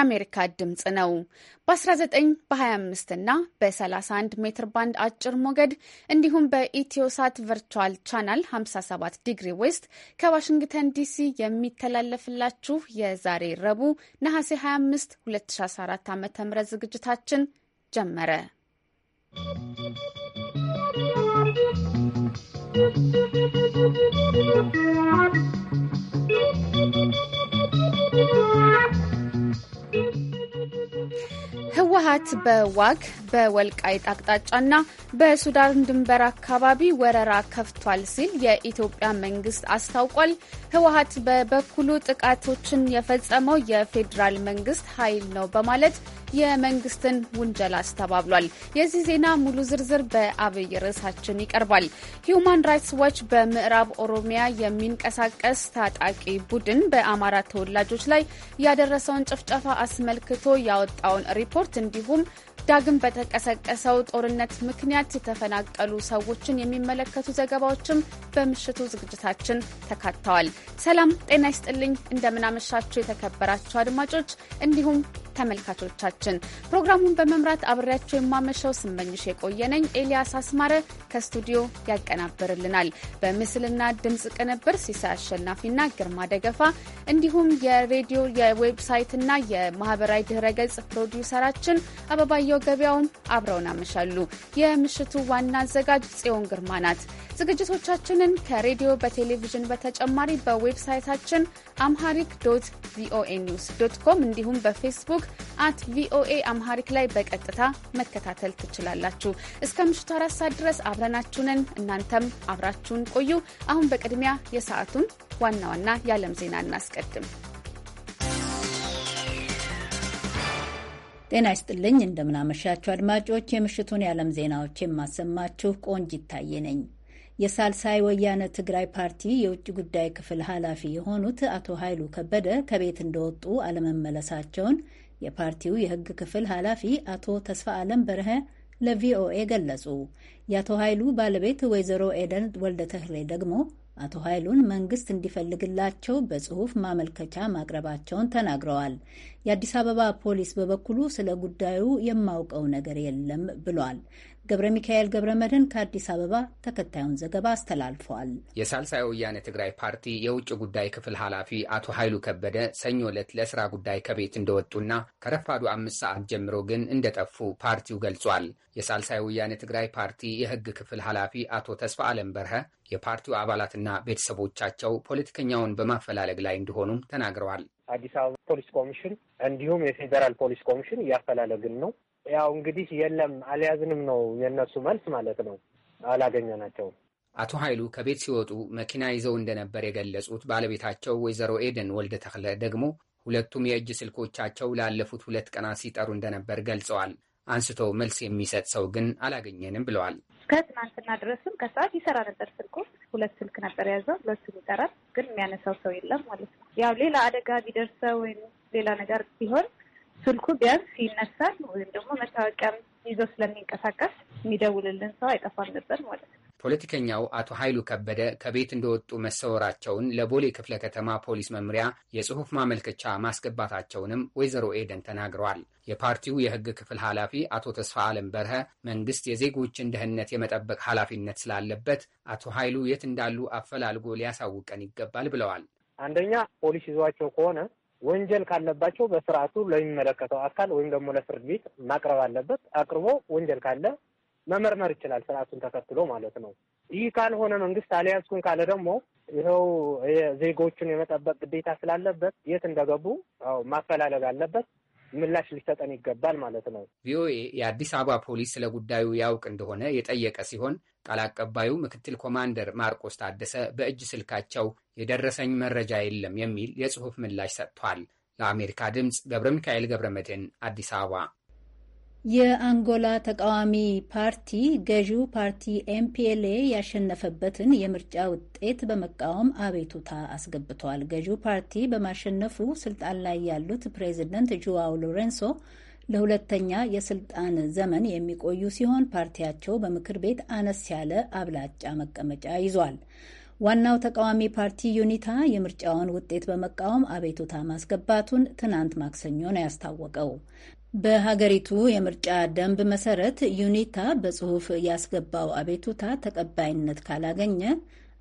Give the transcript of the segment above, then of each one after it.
የአሜሪካ ድምፅ ነው። በ19 በ25 እና በ31 ሜትር ባንድ አጭር ሞገድ እንዲሁም በኢትዮሳት ቨርቹዋል ቻናል 57 ዲግሪ ዌስት ከዋሽንግተን ዲሲ የሚተላለፍላችሁ የዛሬ ረቡዕ ነሐሴ 25 2014 ዓ.ም ዝግጅታችን ጀመረ። ¶¶ ህወሀት በዋግ በወልቃይት አቅጣጫና በሱዳን ድንበር አካባቢ ወረራ ከፍቷል ሲል የኢትዮጵያ መንግስት አስታውቋል። ህወሀት በበኩሉ ጥቃቶችን የፈጸመው የፌዴራል መንግስት ኃይል ነው በማለት የመንግስትን ውንጀላ አስተባብሏል። የዚህ ዜና ሙሉ ዝርዝር በአብይ ርዕሳችን ይቀርባል። ሂዩማን ራይትስ ዋች በምዕራብ ኦሮሚያ የሚንቀሳቀስ ታጣቂ ቡድን በአማራ ተወላጆች ላይ ያደረሰውን ጭፍጨፋ አስመልክቶ ያወጣውን ሪፖርት እንዲሁም ዳግም በተቀሰቀሰው ጦርነት ምክንያት የተፈናቀሉ ሰዎችን የሚመለከቱ ዘገባዎችም በምሽቱ ዝግጅታችን ተካተዋል። ሰላም ጤና ይስጥልኝ። እንደምናመሻችሁ የተከበራችሁ አድማጮች እንዲሁም ተመልካቾቻችን ፕሮግራሙን በመምራት አብሬያቸው የማመሸው ስመኝሽ የቆየነኝ። ኤልያስ አስማረ ከስቱዲዮ ያቀናብርልናል። በምስልና ድምፅ ቅንብር ሲሳይ አሸናፊና ግርማ ደገፋ እንዲሁም የሬዲዮ የዌብሳይትና የማህበራዊ ድህረ ገጽ ፕሮዲውሰራችን አበባየ ስንታየው ገበያውም አብረውን አመሻሉ። የምሽቱ ዋና አዘጋጅ ጽዮን ግርማ ናት። ዝግጅቶቻችንን ከሬዲዮ በቴሌቪዥን በተጨማሪ በዌብሳይታችን አምሃሪክ ዶት ቪኦኤ ኒውስ ዶት ኮም እንዲሁም በፌስቡክ አት ቪኦኤ አምሃሪክ ላይ በቀጥታ መከታተል ትችላላችሁ። እስከ ምሽቱ አራት ሰዓት ድረስ አብረናችሁንን እናንተም አብራችሁን ቆዩ። አሁን በቅድሚያ የሰዓቱን ዋና ዋና የዓለም ዜና እናስቀድም። ጤና ይስጥልኝ እንደምናመሻችሁ አድማጮች፣ የምሽቱን የዓለም ዜናዎች የማሰማችሁ ቆንጅ ይታየ ነኝ። የሳልሳይ ወያነ ትግራይ ፓርቲ የውጭ ጉዳይ ክፍል ኃላፊ የሆኑት አቶ ኃይሉ ከበደ ከቤት እንደወጡ አለመመለሳቸውን የፓርቲው የሕግ ክፍል ኃላፊ አቶ ተስፋ አለም በረሀ ለቪኦኤ ገለጹ። የአቶ ኃይሉ ባለቤት ወይዘሮ ኤደን ወልደ ተህሬ ደግሞ አቶ ኃይሉን መንግስት እንዲፈልግላቸው በጽሁፍ ማመልከቻ ማቅረባቸውን ተናግረዋል። የአዲስ አበባ ፖሊስ በበኩሉ ስለ ጉዳዩ የማውቀው ነገር የለም ብሏል። ገብረ ሚካኤል ገብረ መድህን ከአዲስ አበባ ተከታዩን ዘገባ አስተላልፈዋል። የሳልሳይ ወያነ ትግራይ ፓርቲ የውጭ ጉዳይ ክፍል ኃላፊ አቶ ኃይሉ ከበደ ሰኞ ዕለት ለስራ ጉዳይ ከቤት እንደወጡና ከረፋዱ አምስት ሰዓት ጀምሮ ግን እንደጠፉ ፓርቲው ገልጿል። የሳልሳይ ወያነ ትግራይ ፓርቲ የህግ ክፍል ኃላፊ አቶ ተስፋ አለም በርሀ የፓርቲው አባላትና ቤተሰቦቻቸው ፖለቲከኛውን በማፈላለግ ላይ እንደሆኑም ተናግረዋል። አዲስ አበባ ፖሊስ ኮሚሽን እንዲሁም የፌዴራል ፖሊስ ኮሚሽን እያፈላለግን ነው። ያው እንግዲህ የለም አልያዝንም ነው የእነሱ መልስ ማለት ነው። ናቸው። አቶ ኃይሉ ከቤት ሲወጡ መኪና ይዘው እንደነበር የገለጹት ባለቤታቸው ወይዘሮ ኤደን ወልደ ተክለ ደግሞ ሁለቱም የእጅ ስልኮቻቸው ላለፉት ሁለት ቀናት ሲጠሩ እንደነበር ገልጸዋል። አንስቶ መልስ የሚሰጥ ሰው ግን አላገኘንም ብለዋል። ትናንትና ድረስም ከሰዓት ይሰራ ነበር ስልኩ። ሁለት ስልክ ነበር የያዘው፣ ሁለቱም ይጠራል፣ ግን የሚያነሳው ሰው የለም ማለት ነው። ያው ሌላ አደጋ ቢደርሰው ወይም ሌላ ነገር ቢሆን ስልኩ ቢያንስ ይነሳል ወይም ደግሞ መታወቂያም ይዞ ስለሚንቀሳቀስ የሚደውልልን ሰው አይጠፋም ነበር ማለት ነው። ፖለቲከኛው አቶ ኃይሉ ከበደ ከቤት እንደወጡ መሰወራቸውን ለቦሌ ክፍለ ከተማ ፖሊስ መምሪያ የጽሑፍ ማመልከቻ ማስገባታቸውንም ወይዘሮ ኤደን ተናግረዋል። የፓርቲው የሕግ ክፍል ኃላፊ አቶ ተስፋ ዓለም በርሀ መንግስት የዜጎችን ደህንነት የመጠበቅ ኃላፊነት ስላለበት አቶ ኃይሉ የት እንዳሉ አፈላልጎ ሊያሳውቀን ይገባል ብለዋል። አንደኛ ፖሊስ ይዟቸው ከሆነ ወንጀል ካለባቸው በስርዓቱ ለሚመለከተው አካል ወይም ደግሞ ለፍርድ ቤት ማቅረብ አለበት። አቅርቦ ወንጀል ካለ መመርመር ይችላል፣ ስርዓቱን ተከትሎ ማለት ነው። ይህ ካልሆነ መንግስት አልያዝኩም ካለ ደግሞ ይኸው ዜጎቹን የመጠበቅ ግዴታ ስላለበት የት እንደገቡ ማፈላለግ አለበት። ምላሽ ሊሰጠን ይገባል ማለት ነው። ቪኦኤ የአዲስ አበባ ፖሊስ ስለ ጉዳዩ ያውቅ እንደሆነ የጠየቀ ሲሆን ቃል አቀባዩ ምክትል ኮማንደር ማርቆስ ታደሰ በእጅ ስልካቸው የደረሰኝ መረጃ የለም የሚል የጽሑፍ ምላሽ ሰጥቷል። ለአሜሪካ ድምፅ ገብረ ሚካኤል ገብረ መድህን አዲስ አበባ። የአንጎላ ተቃዋሚ ፓርቲ ገዢው ፓርቲ ኤምፒኤልኤ ያሸነፈበትን የምርጫ ውጤት በመቃወም አቤቱታ አስገብቷል። ገዢው ፓርቲ በማሸነፉ ስልጣን ላይ ያሉት ፕሬዚደንት ጁዋው ሎሬንሶ ለሁለተኛ የስልጣን ዘመን የሚቆዩ ሲሆን ፓርቲያቸው በምክር ቤት አነስ ያለ አብላጫ መቀመጫ ይዟል። ዋናው ተቃዋሚ ፓርቲ ዩኒታ የምርጫውን ውጤት በመቃወም አቤቱታ ማስገባቱን ትናንት ማክሰኞ ነው ያስታወቀው። በሀገሪቱ የምርጫ ደንብ መሰረት ዩኒታ በጽሁፍ ያስገባው አቤቱታ ተቀባይነት ካላገኘ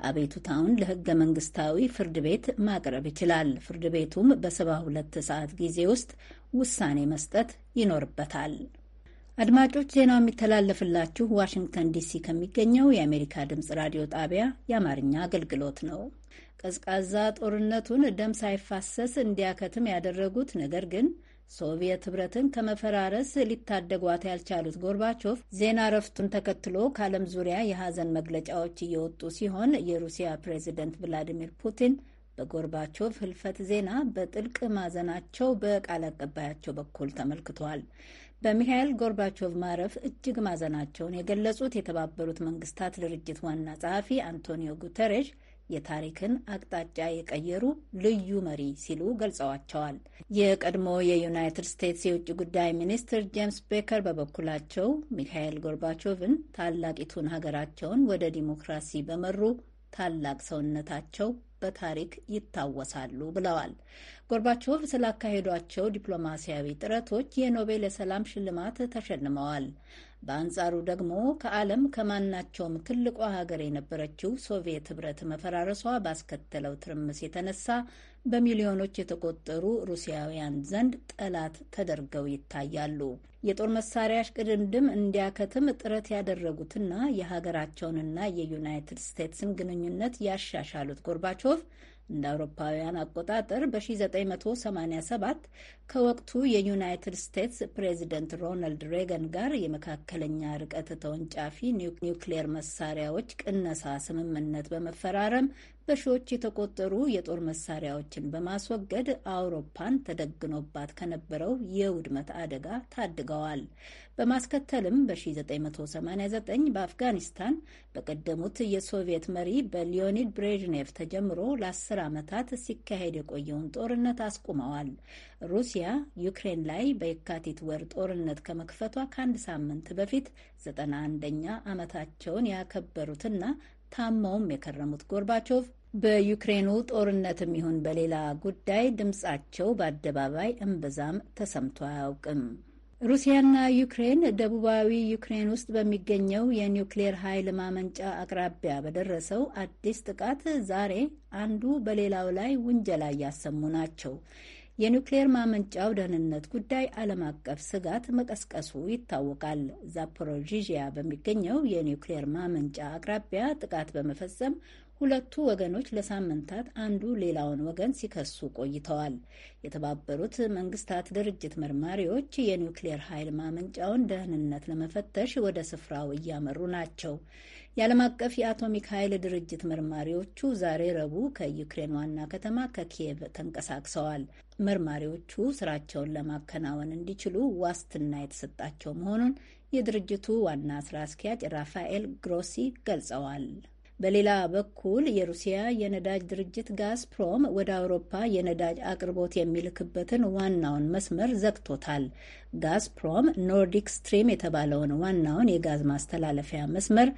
አቤቱታውን ለህገ መንግስታዊ ፍርድ ቤት ማቅረብ ይችላል። ፍርድ ቤቱም በሰባ ሁለት ሰዓት ጊዜ ውስጥ ውሳኔ መስጠት ይኖርበታል። አድማጮች፣ ዜናው የሚተላለፍላችሁ ዋሽንግተን ዲሲ ከሚገኘው የአሜሪካ ድምፅ ራዲዮ ጣቢያ የአማርኛ አገልግሎት ነው። ቀዝቃዛ ጦርነቱን ደም ሳይፋሰስ እንዲያከትም ያደረጉት ነገር ግን ሶቪየት ህብረትን ከመፈራረስ ሊታደጓት ያልቻሉት ጎርባቾቭ ዜና እረፍቱን ተከትሎ ከዓለም ዙሪያ የሐዘን መግለጫዎች እየወጡ ሲሆን የሩሲያ ፕሬዚደንት ቭላዲሚር ፑቲን በጎርባቾቭ ህልፈት ዜና በጥልቅ ማዘናቸው በቃል አቀባያቸው በኩል ተመልክቷል። በሚሃኤል ጎርባቾቭ ማረፍ እጅግ ማዘናቸውን የገለጹት የተባበሩት መንግስታት ድርጅት ዋና ጸሐፊ አንቶኒዮ ጉተሬሽ የታሪክን አቅጣጫ የቀየሩ ልዩ መሪ ሲሉ ገልጸዋቸዋል። የቀድሞ የዩናይትድ ስቴትስ የውጭ ጉዳይ ሚኒስትር ጄምስ ቤከር በበኩላቸው ሚካኤል ጎርባቾቭን ታላቂቱን ሀገራቸውን ወደ ዲሞክራሲ በመሩ ታላቅ ሰውነታቸው በታሪክ ይታወሳሉ ብለዋል። ጎርባቾቭ ስላካሄዷቸው ዲፕሎማሲያዊ ጥረቶች የኖቤል የሰላም ሽልማት ተሸልመዋል። በአንጻሩ ደግሞ ከዓለም ከማናቸውም ትልቋ ሀገር የነበረችው ሶቪየት ህብረት መፈራረሷ ባስከተለው ትርምስ የተነሳ በሚሊዮኖች የተቆጠሩ ሩሲያውያን ዘንድ ጠላት ተደርገው ይታያሉ። የጦር መሳሪያ ቅድምድም እንዲያከትም ጥረት ያደረጉትና የሀገራቸውንና የዩናይትድ ስቴትስን ግንኙነት ያሻሻሉት ጎርባቾቭ እንደ አውሮፓውያን አቆጣጠር በ1987 ከወቅቱ የዩናይትድ ስቴትስ ፕሬዚደንት ሮናልድ ሬገን ጋር የመካከለኛ ርቀት ተወንጫፊ ኒውክሌር መሳሪያዎች ቅነሳ ስምምነት በመፈራረም በሺዎች የተቆጠሩ የጦር መሳሪያዎችን በማስወገድ አውሮፓን ተደግኖባት ከነበረው የውድመት አደጋ ታድገዋል። በማስከተልም በ1989 በአፍጋኒስታን በቀደሙት የሶቪየት መሪ በሊዮኒድ ብሬዥኔቭ ተጀምሮ ለ10 ዓመታት ሲካሄድ የቆየውን ጦርነት አስቁመዋል። ሩሲያ ዩክሬን ላይ በየካቲት ወር ጦርነት ከመክፈቷ ከአንድ ሳምንት በፊት 91ኛ ዓመታቸውን ያከበሩትና ታመውም የከረሙት ጎርባቾቭ በዩክሬኑ ጦርነትም ይሁን በሌላ ጉዳይ ድምጻቸው በአደባባይ እምብዛም ተሰምቶ አያውቅም። ሩሲያና ዩክሬን ደቡባዊ ዩክሬን ውስጥ በሚገኘው የኒውክሌር ኃይል ማመንጫ አቅራቢያ በደረሰው አዲስ ጥቃት ዛሬ አንዱ በሌላው ላይ ውንጀላ እያሰሙ ናቸው። የኒውክሌር ማመንጫው ደህንነት ጉዳይ ዓለም አቀፍ ስጋት መቀስቀሱ ይታወቃል። ዛፖሮጂዥያ በሚገኘው የኒውክሌር ማመንጫ አቅራቢያ ጥቃት በመፈጸም ሁለቱ ወገኖች ለሳምንታት አንዱ ሌላውን ወገን ሲከሱ ቆይተዋል። የተባበሩት መንግስታት ድርጅት መርማሪዎች የኒውክሌር ኃይል ማመንጫውን ደህንነት ለመፈተሽ ወደ ስፍራው እያመሩ ናቸው። የዓለም አቀፍ የአቶሚክ ኃይል ድርጅት መርማሪዎቹ ዛሬ ረቡዕ ከዩክሬን ዋና ከተማ ከኪየቭ ተንቀሳቅሰዋል። መርማሪዎቹ ስራቸውን ለማከናወን እንዲችሉ ዋስትና የተሰጣቸው መሆኑን የድርጅቱ ዋና ስራ አስኪያጅ ራፋኤል ግሮሲ ገልጸዋል። በሌላ በኩል የሩሲያ የነዳጅ ድርጅት ጋዝፕሮም ወደ አውሮፓ የነዳጅ አቅርቦት የሚልክበትን ዋናውን መስመር ዘግቶታል። ጋዝፕሮም ኖርዲክ ስትሪም የተባለውን ዋናውን የጋዝ ማስተላለፊያ መስመር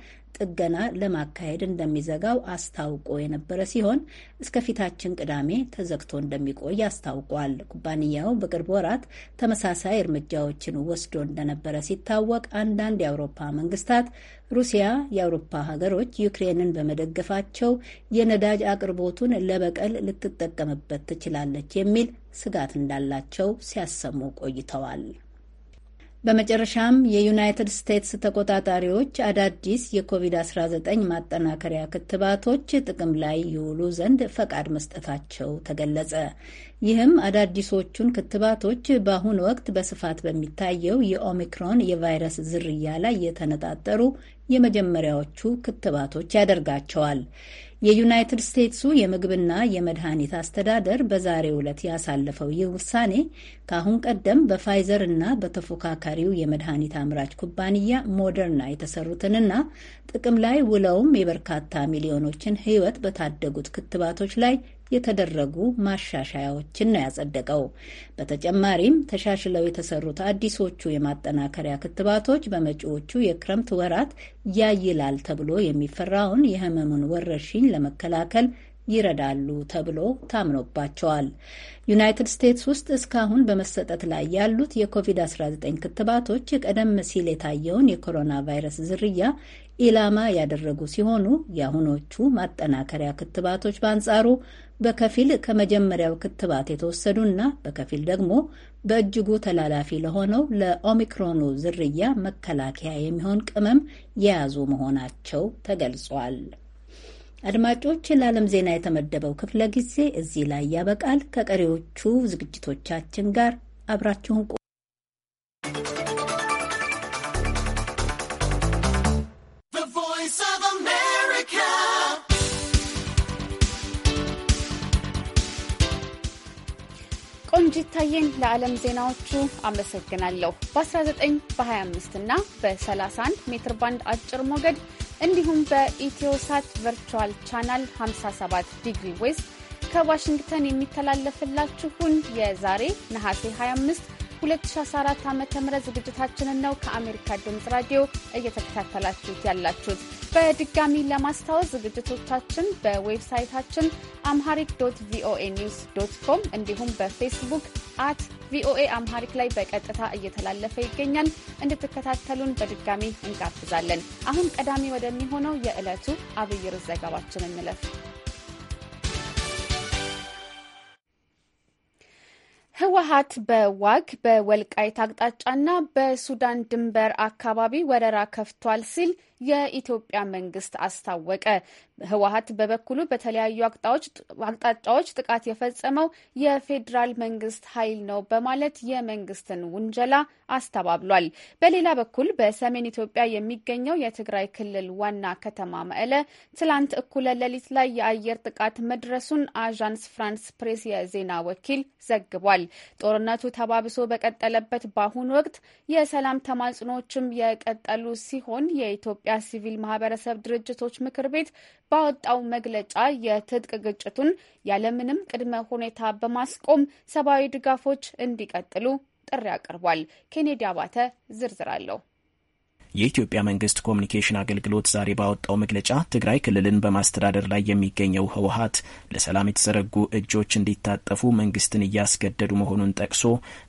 ጥገና ለማካሄድ እንደሚዘጋው አስታውቆ የነበረ ሲሆን እስከ ፊታችን ቅዳሜ ተዘግቶ እንደሚቆይ አስታውቋል። ኩባንያው በቅርብ ወራት ተመሳሳይ እርምጃዎችን ወስዶ እንደነበረ ሲታወቅ፣ አንዳንድ የአውሮፓ መንግስታት ሩሲያ የአውሮፓ ሀገሮች ዩክሬንን በመደገፋቸው የነዳጅ አቅርቦቱን ለበቀል ልትጠቀምበት ትችላለች የሚል ስጋት እንዳላቸው ሲያሰሙ ቆይተዋል። በመጨረሻም የዩናይትድ ስቴትስ ተቆጣጣሪዎች አዳዲስ የኮቪድ-19 ማጠናከሪያ ክትባቶች ጥቅም ላይ ይውሉ ዘንድ ፈቃድ መስጠታቸው ተገለጸ። ይህም አዳዲሶቹን ክትባቶች በአሁኑ ወቅት በስፋት በሚታየው የኦሚክሮን የቫይረስ ዝርያ ላይ የተነጣጠሩ የመጀመሪያዎቹ ክትባቶች ያደርጋቸዋል። የዩናይትድ ስቴትሱ የምግብና የመድኃኒት አስተዳደር በዛሬው ዕለት ያሳለፈው ይህ ውሳኔ ከአሁን ቀደም በፋይዘር እና በተፎካካሪው የመድኃኒት አምራች ኩባንያ ሞደርና የተሰሩትንና ጥቅም ላይ ውለውም የበርካታ ሚሊዮኖችን ሕይወት በታደጉት ክትባቶች ላይ የተደረጉ ማሻሻያዎችን ነው ያጸደቀው። በተጨማሪም ተሻሽለው የተሰሩት አዲሶቹ የማጠናከሪያ ክትባቶች በመጪዎቹ የክረምት ወራት ያይላል ተብሎ የሚፈራውን የህመሙን ወረርሽኝ ለመከላከል ይረዳሉ ተብሎ ታምኖባቸዋል። ዩናይትድ ስቴትስ ውስጥ እስካሁን በመሰጠት ላይ ያሉት የኮቪድ-19 ክትባቶች ቀደም ሲል የታየውን የኮሮና ቫይረስ ዝርያ ኢላማ ያደረጉ ሲሆኑ የአሁኖቹ ማጠናከሪያ ክትባቶች በአንጻሩ በከፊል ከመጀመሪያው ክትባት የተወሰዱና በከፊል ደግሞ በእጅጉ ተላላፊ ለሆነው ለኦሚክሮኑ ዝርያ መከላከያ የሚሆን ቅመም የያዙ መሆናቸው ተገልጿል። አድማጮች፣ ለዓለም ዜና የተመደበው ክፍለ ጊዜ እዚህ ላይ ያበቃል። ከቀሪዎቹ ዝግጅቶቻችን ጋር አብራችሁን ቆንጂት ታየን ለዓለም ዜናዎቹ አመሰግናለሁ። በ19 በ25 እና በ31 ሜትር ባንድ አጭር ሞገድ እንዲሁም በኢትዮሳት ቨርቹዋል ቻናል 57 ዲግሪ ዌስት ከዋሽንግተን የሚተላለፍላችሁን የዛሬ ነሐሴ 25 2014 ዓ ም ዝግጅታችንን ነው ከአሜሪካ ድምፅ ራዲዮ እየተከታተላችሁት ያላችሁት። በድጋሚ ለማስታወስ ዝግጅቶቻችን በዌብሳይታችን አምሃሪክ ዶት ቪኦኤ ኒውስ ዶት ኮም እንዲሁም በፌስቡክ አት ቪኦኤ አምሃሪክ ላይ በቀጥታ እየተላለፈ ይገኛል። እንድትከታተሉን በድጋሚ እንጋብዛለን። አሁን ቀዳሚ ወደሚሆነው የዕለቱ አብይር ዘገባችን እንለፍ። ህወሀት በዋግ በወልቃይት አቅጣጫና በሱዳን ድንበር አካባቢ ወረራ ከፍቷል ሲል የኢትዮጵያ መንግስት አስታወቀ። ህወሀት በበኩሉ በተለያዩ አቅጣጫዎች ጥቃት የፈጸመው የፌዴራል መንግስት ኃይል ነው በማለት የመንግስትን ውንጀላ አስተባብሏል። በሌላ በኩል በሰሜን ኢትዮጵያ የሚገኘው የትግራይ ክልል ዋና ከተማ መቀለ ትላንት እኩለ ሌሊት ላይ የአየር ጥቃት መድረሱን አዣንስ ፍራንስ ፕሬስ የዜና ወኪል ዘግቧል። ጦርነቱ ተባብሶ በቀጠለበት በአሁኑ ወቅት የሰላም ተማጽኖዎችም የቀጠሉ ሲሆን የኢትዮጵያ የኢትዮጵያ ሲቪል ማህበረሰብ ድርጅቶች ምክር ቤት ባወጣው መግለጫ የትጥቅ ግጭቱን ያለምንም ቅድመ ሁኔታ በማስቆም ሰብአዊ ድጋፎች እንዲቀጥሉ ጥሪ አቅርቧል። ኬኔዲ አባተ ዝርዝር አለው። የኢትዮጵያ መንግስት ኮሚኒኬሽን አገልግሎት ዛሬ ባወጣው መግለጫ ትግራይ ክልልን በማስተዳደር ላይ የሚገኘው ህወሀት ለሰላም የተዘረጉ እጆች እንዲታጠፉ መንግስትን እያስገደዱ መሆኑን ጠቅሶ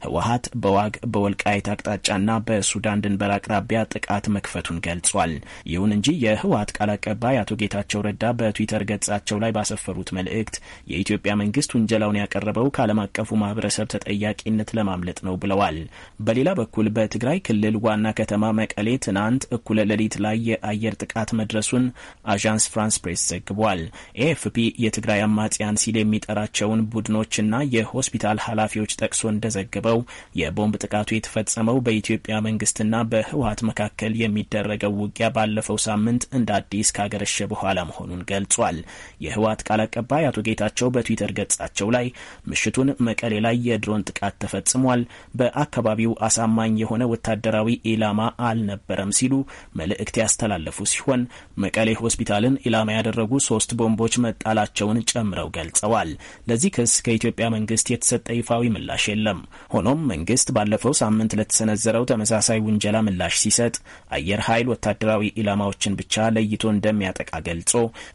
ህወሀት በዋግ በወልቃይት አቅጣጫና በሱዳን ድንበር አቅራቢያ ጥቃት መክፈቱን ገልጿል። ይሁን እንጂ የህወሀት ቃል አቀባይ አቶ ጌታቸው ረዳ በትዊተር ገጻቸው ላይ ባሰፈሩት መልእክት የኢትዮጵያ መንግስት ውንጀላውን ያቀረበው ከዓለም አቀፉ ማህበረሰብ ተጠያቂነት ለማምለጥ ነው ብለዋል። በሌላ በኩል በትግራይ ክልል ዋና ከተማ መቀሌ ትናንት እኩለ ሌሊት ላይ የአየር ጥቃት መድረሱን አዣንስ ፍራንስ ፕሬስ ዘግቧል። ኤኤፍፒ የትግራይ አማጽያን ሲል የሚጠራቸውን ቡድኖችና የሆስፒታል ኃላፊዎች ጠቅሶ እንደዘገበው የቦምብ ጥቃቱ የተፈጸመው በኢትዮጵያ መንግስትና በህወሀት መካከል የሚደረገው ውጊያ ባለፈው ሳምንት እንደ አዲስ ካገረሸ በኋላ መሆኑን ገልጿል። የህወሀት ቃል አቀባይ አቶ ጌታቸው በትዊተር ገጻቸው ላይ ምሽቱን መቀሌ ላይ የድሮን ጥቃት ተፈጽሟል፣ በአካባቢው አሳማኝ የሆነ ወታደራዊ ኢላማ አልነበረ አልነበረም ሲሉ መልእክት ያስተላለፉ ሲሆን መቀሌ ሆስፒታልን ኢላማ ያደረጉ ሶስት ቦምቦች መጣላቸውን ጨምረው ገልጸዋል። ለዚህ ክስ ከኢትዮጵያ መንግስት የተሰጠ ይፋዊ ምላሽ የለም። ሆኖም መንግስት ባለፈው ሳምንት ለተሰነዘረው ተመሳሳይ ውንጀላ ምላሽ ሲሰጥ አየር ኃይል ወታደራዊ ኢላማዎችን ብቻ ለይቶ እንደሚያጠቃ ገልጾ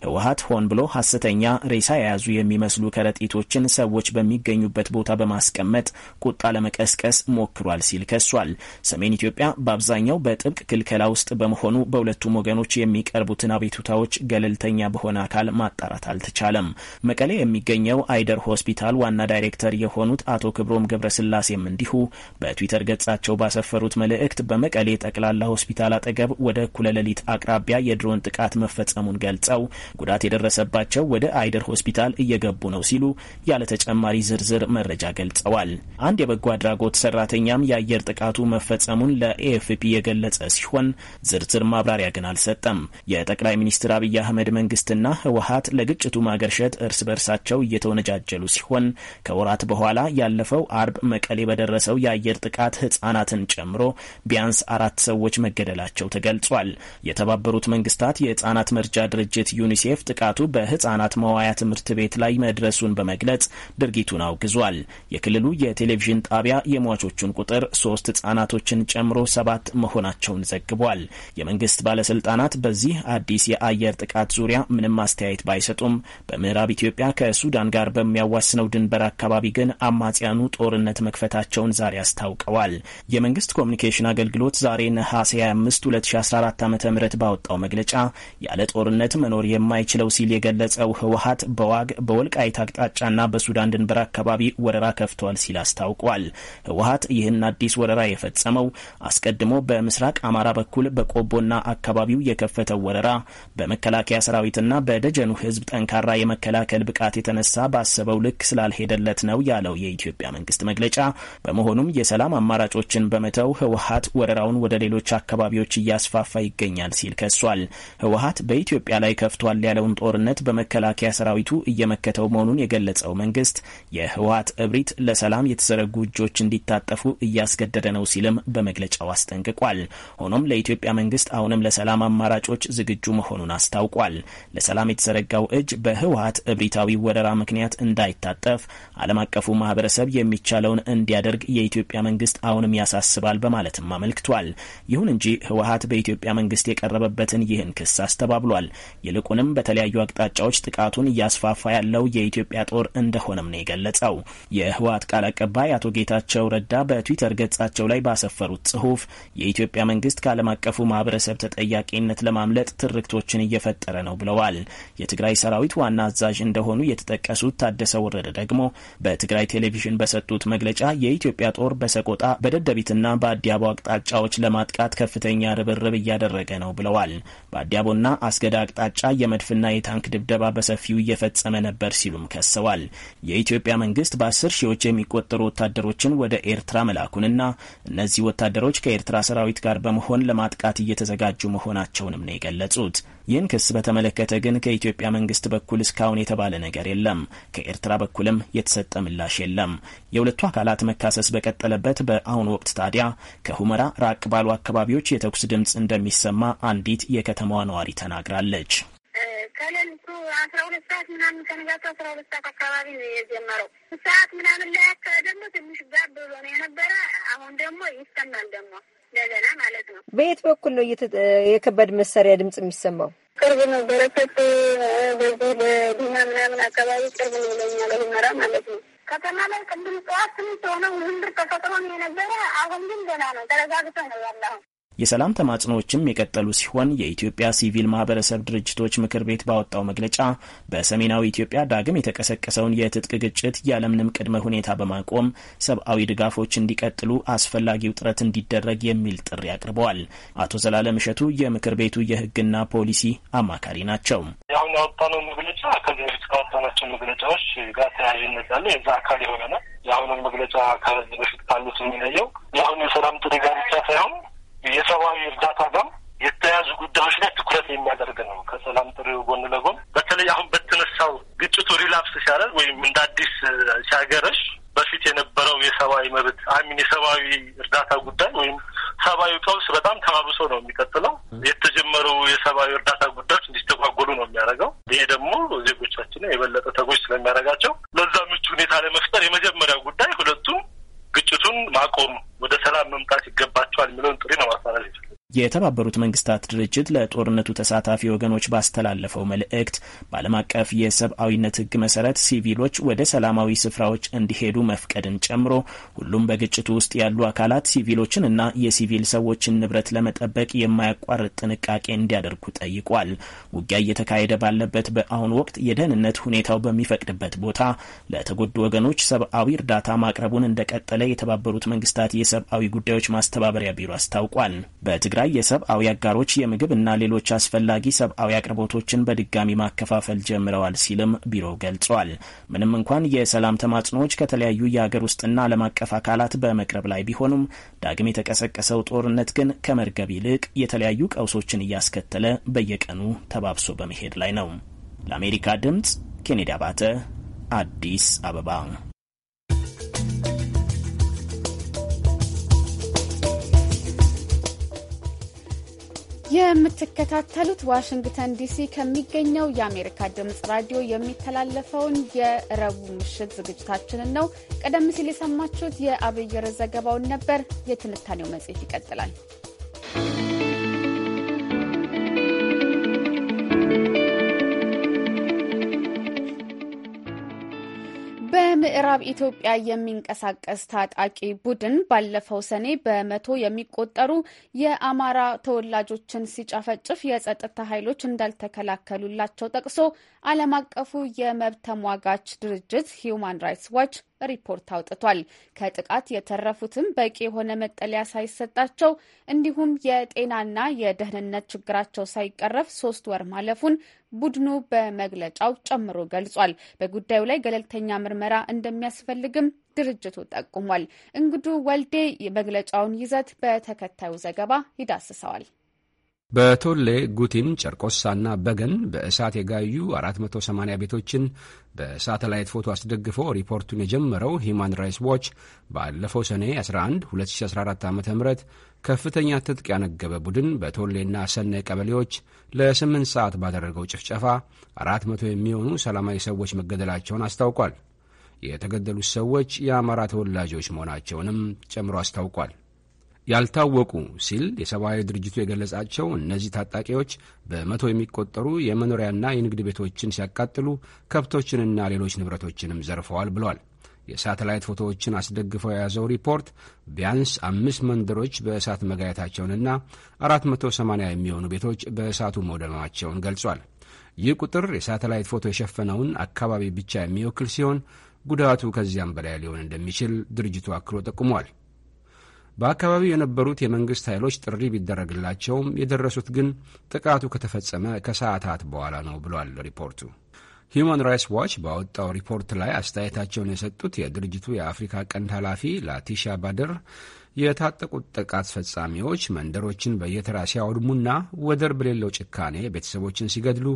ህወሀት ሆን ብሎ ሀሰተኛ ሬሳ የያዙ የሚመስሉ ከረጢቶችን ሰዎች በሚገኙበት ቦታ በማስቀመጥ ቁጣ ለመቀስቀስ ሞክሯል ሲል ከሷል። ሰሜን ኢትዮጵያ በአብዛኛው በጥብቅ ክልከላ ውስጥ በመሆኑ በሁለቱም ወገኖች የሚቀርቡትን አቤቱታዎች ገለልተኛ በሆነ አካል ማጣራት አልተቻለም። መቀሌ የሚገኘው አይደር ሆስፒታል ዋና ዳይሬክተር የሆኑት አቶ ክብሮም ገብረስላሴም እንዲሁ በትዊተር ገጻቸው ባሰፈሩት መልእክት በመቀሌ ጠቅላላ ሆስፒታል አጠገብ ወደ እኩለ ሌሊት አቅራቢያ የድሮን ጥቃት መፈጸሙን ገልጸው ጉዳት የደረሰባቸው ወደ አይደር ሆስፒታል እየገቡ ነው ሲሉ ያለ ተጨማሪ ዝርዝር መረጃ ገልጸዋል። አንድ የበጎ አድራጎት ሰራተኛም የአየር ጥቃቱ መፈጸሙን ለኤኤፍፒ የገለጸ ሲሆን ሲሆን ዝርዝር ማብራሪያ ግን አልሰጠም። የጠቅላይ ሚኒስትር አብይ አህመድ መንግስትና ህወሀት ለግጭቱ ማገርሸት እርስ በርሳቸው እየተወነጃጀሉ ሲሆን ከወራት በኋላ ያለፈው አርብ መቀሌ በደረሰው የአየር ጥቃት ህጻናትን ጨምሮ ቢያንስ አራት ሰዎች መገደላቸው ተገልጿል። የተባበሩት መንግስታት የህጻናት መርጃ ድርጅት ዩኒሴፍ ጥቃቱ በህጻናት መዋያ ትምህርት ቤት ላይ መድረሱን በመግለጽ ድርጊቱን አውግዟል። የክልሉ የቴሌቪዥን ጣቢያ የሟቾቹን ቁጥር ሶስት ህጻናቶችን ጨምሮ ሰባት መሆናቸውን ዘግቧል። የመንግስት ባለስልጣናት በዚህ አዲስ የአየር ጥቃት ዙሪያ ምንም አስተያየት ባይሰጡም በምዕራብ ኢትዮጵያ ከሱዳን ጋር በሚያዋስነው ድንበር አካባቢ ግን አማጽያኑ ጦርነት መክፈታቸውን ዛሬ አስታውቀዋል። የመንግስት ኮሚኒኬሽን አገልግሎት ዛሬ ነሐሴ 25 2014 ዓ ም ባወጣው መግለጫ ያለ ጦርነት መኖር የማይችለው ሲል የገለጸው ህወሀት በዋግ በወልቃይት አቅጣጫና በሱዳን ድንበር አካባቢ ወረራ ከፍቷል ሲል አስታውቋል። ህወሀት ይህን አዲስ ወረራ የፈጸመው አስቀድሞ በምስራቅ አማ በአማራ በኩል በቆቦና አካባቢው የከፈተው ወረራ በመከላከያ ሰራዊትና በደጀኑ ህዝብ ጠንካራ የመከላከል ብቃት የተነሳ ባሰበው ልክ ስላልሄደለት ነው ያለው የኢትዮጵያ መንግስት መግለጫ፣ በመሆኑም የሰላም አማራጮችን በመተው ህወሀት ወረራውን ወደ ሌሎች አካባቢዎች እያስፋፋ ይገኛል ሲል ከሷል። ህወሀት በኢትዮጵያ ላይ ከፍቷል ያለውን ጦርነት በመከላከያ ሰራዊቱ እየመከተው መሆኑን የገለጸው መንግስት የህወሀት እብሪት ለሰላም የተዘረጉ እጆች እንዲታጠፉ እያስገደደ ነው ሲልም በመግለጫው አስጠንቅቋል። ሆኖም ለኢትዮጵያ መንግስት አሁንም ለሰላም አማራጮች ዝግጁ መሆኑን አስታውቋል። ለሰላም የተዘረጋው እጅ በህወሀት እብሪታዊ ወረራ ምክንያት እንዳይታጠፍ ዓለም አቀፉ ማህበረሰብ የሚቻለውን እንዲያደርግ የኢትዮጵያ መንግስት አሁንም ያሳስባል በማለትም አመልክቷል። ይሁን እንጂ ህወሀት በኢትዮጵያ መንግስት የቀረበበትን ይህን ክስ አስተባብሏል። ይልቁንም በተለያዩ አቅጣጫዎች ጥቃቱን እያስፋፋ ያለው የኢትዮጵያ ጦር እንደሆነም ነው የገለጸው። የህወሀት ቃል አቀባይ አቶ ጌታቸው ረዳ በትዊተር ገጻቸው ላይ ባሰፈሩት ጽሁፍ የኢትዮጵያ መንግስት መንግስት ከዓለም አቀፉ ማህበረሰብ ተጠያቂነት ለማምለጥ ትርክቶችን እየፈጠረ ነው ብለዋል። የትግራይ ሰራዊት ዋና አዛዥ እንደሆኑ የተጠቀሱት ታደሰ ወረደ ደግሞ በትግራይ ቴሌቪዥን በሰጡት መግለጫ የኢትዮጵያ ጦር በሰቆጣ በደደቢትና በአዲያቦ አቅጣጫዎች ለማጥቃት ከፍተኛ ርብርብ እያደረገ ነው ብለዋል። በአዲያቦና አስገዳ አቅጣጫ የመድፍና የታንክ ድብደባ በሰፊው እየፈጸመ ነበር ሲሉም ከሰዋል። የኢትዮጵያ መንግስት በአስር ሺዎች የሚቆጠሩ ወታደሮችን ወደ ኤርትራ መላኩንና እነዚህ ወታደሮች ከኤርትራ ሰራዊት ጋር በመሆ በመሆን ለማጥቃት እየተዘጋጁ መሆናቸውንም ነው የገለጹት። ይህን ክስ በተመለከተ ግን ከኢትዮጵያ መንግስት በኩል እስካሁን የተባለ ነገር የለም። ከኤርትራ በኩልም የተሰጠ ምላሽ የለም። የሁለቱ አካላት መካሰስ በቀጠለበት በአሁኑ ወቅት ታዲያ ከሁመራ ራቅ ባሉ አካባቢዎች የተኩስ ድምፅ እንደሚሰማ አንዲት የከተማዋ ነዋሪ ተናግራለች። ከሌሊቱ አስራ ሁለት ሰዓት ምናምን ከንጋቱ አስራ ሁለት ሰዓት አካባቢ ነው የጀመረው። ሰዓት ምናምን ላይ ደግሞ ትንሽ ጋብ ብሎ ነው የነበረ። አሁን ደግሞ ይሰማል ደግሞ ገዘና ማለት ነው። በየት በኩል ነው የከባድ መሳሪያ ድምፅ የሚሰማው? ቅርብ ነው። በረከት በዚህ በዲና ምናምን አካባቢ ቅርብ ነው ለኛ ለመራ ማለት ነው። ከተማ ላይ ቅድም ጠዋት ስምንት የሆነ ውዝንብር ተፈጥሮ የነበረ። አሁን ግን ገና ነው፣ ተረጋግቶ ነው ያለሁን የሰላም ተማጽኖዎችም የቀጠሉ ሲሆን የኢትዮጵያ ሲቪል ማህበረሰብ ድርጅቶች ምክር ቤት ባወጣው መግለጫ በሰሜናዊ ኢትዮጵያ ዳግም የተቀሰቀሰውን የትጥቅ ግጭት ያለምንም ቅድመ ሁኔታ በማቆም ሰብአዊ ድጋፎች እንዲቀጥሉ አስፈላጊው ጥረት እንዲደረግ የሚል ጥሪ አቅርበዋል። አቶ ዘላለም እሸቱ የምክር ቤቱ የህግና ፖሊሲ አማካሪ ናቸው። አሁን ያወጣነው መግለጫ ከዚህ በፊት ካወጣናቸው መግለጫዎች ጋር ተያያዥነት ያለ የዛ አካል የሆነ ነው። የአሁኑን መግለጫ ከዚህ በፊት ካሉት የሚለየው የአሁኑ የሰላም ጥሪ ጋር ብቻ ሳይሆን የሰብአዊ እርዳታ ጋር የተያዙ ጉዳዮች ላይ ትኩረት የሚያደርግ ነው። ከሰላም ጥሪው ጎን ለጎን በተለይ አሁን በተነሳው ግጭቱ ሪላፕስ ሲያደርግ ወይም እንደ አዲስ ሲያገረሽ በፊት የነበረው የሰብአዊ መብት አሚን የሰብአዊ እርዳታ ጉዳይ ወይም ሰብአዊ ቀውስ በጣም ተባብሶ ነው የሚቀጥለው። የተጀመሩ የሰብአዊ እርዳታ ጉዳዮች እንዲስተጓጎሉ ነው የሚያደርገው። ይሄ ደግሞ ዜጎቻችንን የበለጠ ተጎች ስለሚያደርጋቸው ለዛ ምቹ ሁኔታ ለመፍጠር የመጀመሪያው ጉዳይ ማቆም ወደ ሰላም መምጣት ይገባቸዋል የሚለውን ጥሪ ነው ማስተላለፍ የተባበሩት መንግስታት ድርጅት ለጦርነቱ ተሳታፊ ወገኖች ባስተላለፈው መልእክት በዓለም አቀፍ የሰብአዊነት ህግ መሰረት ሲቪሎች ወደ ሰላማዊ ስፍራዎች እንዲሄዱ መፍቀድን ጨምሮ ሁሉም በግጭቱ ውስጥ ያሉ አካላት ሲቪሎችን እና የሲቪል ሰዎችን ንብረት ለመጠበቅ የማያቋርጥ ጥንቃቄ እንዲያደርጉ ጠይቋል። ውጊያ እየተካሄደ ባለበት በአሁኑ ወቅት የደህንነት ሁኔታው በሚፈቅድበት ቦታ ለተጎዱ ወገኖች ሰብአዊ እርዳታ ማቅረቡን እንደቀጠለ የተባበሩት መንግስታት የሰብአዊ ጉዳዮች ማስተባበሪያ ቢሮ አስታውቋል። በትግራይ ላይ የሰብአዊ አጋሮች የምግብ እና ሌሎች አስፈላጊ ሰብአዊ አቅርቦቶችን በድጋሚ ማከፋፈል ጀምረዋል ሲልም ቢሮው ገልጿል። ምንም እንኳን የሰላም ተማጽኖዎች ከተለያዩ የሀገር ውስጥና ዓለም አቀፍ አካላት በመቅረብ ላይ ቢሆኑም ዳግም የተቀሰቀሰው ጦርነት ግን ከመርገብ ይልቅ የተለያዩ ቀውሶችን እያስከተለ በየቀኑ ተባብሶ በመሄድ ላይ ነው። ለአሜሪካ ድምፅ ኬኔዲ አባተ አዲስ አበባ የምትከታተሉት ዋሽንግተን ዲሲ ከሚገኘው የአሜሪካ ድምፅ ራዲዮ የሚተላለፈውን የረቡ ምሽት ዝግጅታችንን ነው። ቀደም ሲል የሰማችሁት የአብይር ዘገባውን ነበር። የትንታኔው መጽሔት ይቀጥላል። በምዕራብ ኢትዮጵያ የሚንቀሳቀስ ታጣቂ ቡድን ባለፈው ሰኔ በመቶ የሚቆጠሩ የአማራ ተወላጆችን ሲጨፈጭፍ የጸጥታ ኃይሎች እንዳልተከላከሉላቸው ጠቅሶ ዓለም አቀፉ የመብት ተሟጋች ድርጅት ሂዩማን ራይትስ ዋች ሪፖርት አውጥቷል። ከጥቃት የተረፉትም በቂ የሆነ መጠለያ ሳይሰጣቸው እንዲሁም የጤናና የደህንነት ችግራቸው ሳይቀረፍ ሶስት ወር ማለፉን ቡድኑ በመግለጫው ጨምሮ ገልጿል። በጉዳዩ ላይ ገለልተኛ ምርመራ እንደሚያስፈልግም ድርጅቱ ጠቁሟል። እንግዱ ወልዴ የመግለጫውን ይዘት በተከታዩ ዘገባ ይዳስሰዋል። በቶሌ ጉቲም፣ ጨርቆሳና በገን በእሳት የጋዩ 480 ቤቶችን በሳተላይት ፎቶ አስደግፎ ሪፖርቱን የጀመረው ሂማን ራይትስ ዎች ባለፈው ሰኔ 11 2014 ዓ ም ከፍተኛ ትጥቅ ያነገበ ቡድን በቶሌና ሰነ ቀበሌዎች ለ8 ሰዓት ባደረገው ጭፍጨፋ 400 የሚሆኑ ሰላማዊ ሰዎች መገደላቸውን አስታውቋል። የተገደሉት ሰዎች የአማራ ተወላጆች መሆናቸውንም ጨምሮ አስታውቋል። ያልታወቁ ሲል የሰብአዊ ድርጅቱ የገለጻቸው እነዚህ ታጣቂዎች በመቶ የሚቆጠሩ የመኖሪያና የንግድ ቤቶችን ሲያቃጥሉ ከብቶችንና ሌሎች ንብረቶችንም ዘርፈዋል ብሏል። የሳተላይት ፎቶዎችን አስደግፈው የያዘው ሪፖርት ቢያንስ አምስት መንደሮች በእሳት መጋየታቸውንና 480 የሚሆኑ ቤቶች በእሳቱ መውደማቸውን ገልጿል። ይህ ቁጥር የሳተላይት ፎቶ የሸፈነውን አካባቢ ብቻ የሚወክል ሲሆን ጉዳቱ ከዚያም በላይ ሊሆን እንደሚችል ድርጅቱ አክሎ ጠቁሟል። በአካባቢው የነበሩት የመንግሥት ኃይሎች ጥሪ ቢደረግላቸውም የደረሱት ግን ጥቃቱ ከተፈጸመ ከሰዓታት በኋላ ነው ብሏል ሪፖርቱ። ሂዩማን ራይትስ ዋች ባወጣው ሪፖርት ላይ አስተያየታቸውን የሰጡት የድርጅቱ የአፍሪካ ቀንድ ኃላፊ ላቲሻ ባደር የታጠቁት ጥቃት ፈጻሚዎች መንደሮችን በየተራ ሲያወድሙና ወደር በሌለው ጭካኔ ቤተሰቦችን ሲገድሉ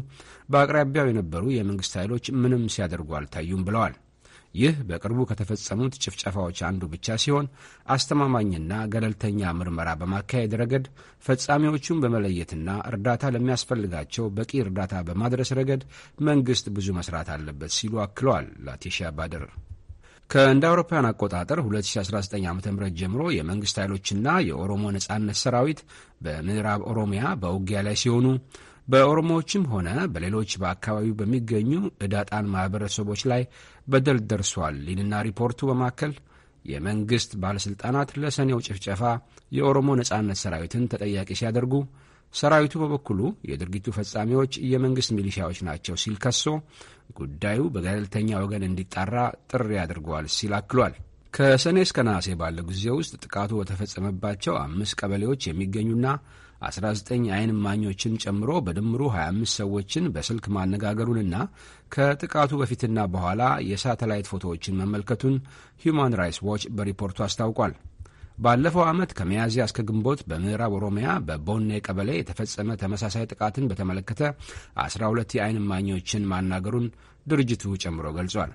በአቅራቢያው የነበሩ የመንግሥት ኃይሎች ምንም ሲያደርጉ አልታዩም ብለዋል። ይህ በቅርቡ ከተፈጸሙት ጭፍጨፋዎች አንዱ ብቻ ሲሆን አስተማማኝና ገለልተኛ ምርመራ በማካሄድ ረገድ ፈጻሚዎቹን በመለየትና እርዳታ ለሚያስፈልጋቸው በቂ እርዳታ በማድረስ ረገድ መንግስት ብዙ መስራት አለበት ሲሉ አክለዋል። ላቲሻ ባደር ከእንደ አውሮፓውያን አቆጣጠር 2019 ዓ ም ጀምሮ የመንግሥት ኃይሎችና የኦሮሞ ነጻነት ሰራዊት በምዕራብ ኦሮሚያ በውጊያ ላይ ሲሆኑ በኦሮሞዎችም ሆነ በሌሎች በአካባቢው በሚገኙ እዳጣን ማኅበረሰቦች ላይ በደል ደርሷል ይልና ሪፖርቱ በማከል የመንግሥት ባለሥልጣናት ለሰኔው ጭፍጨፋ የኦሮሞ ነጻነት ሰራዊትን ተጠያቂ ሲያደርጉ ሰራዊቱ በበኩሉ የድርጊቱ ፈጻሚዎች የመንግሥት ሚሊሻዎች ናቸው ሲል ከሶ ጉዳዩ በገለልተኛ ወገን እንዲጣራ ጥሪ አድርገዋል ሲል አክሏል። ከሰኔ እስከ ነሐሴ ባለው ጊዜ ውስጥ ጥቃቱ በተፈጸመባቸው አምስት ቀበሌዎች የሚገኙና 19 አይን ማኞችን ጨምሮ በድምሩ 25 ሰዎችን በስልክ ማነጋገሩንና ከጥቃቱ በፊትና በኋላ የሳተላይት ፎቶዎችን መመልከቱን ሂዩማን ራይትስ ዎች በሪፖርቱ አስታውቋል። ባለፈው ዓመት ከሚያዝያ እስከ ግንቦት በምዕራብ ኦሮሚያ በቦኔ ቀበሌ የተፈጸመ ተመሳሳይ ጥቃትን በተመለከተ 12 የአይን ማኞችን ማናገሩን ድርጅቱ ጨምሮ ገልጿል።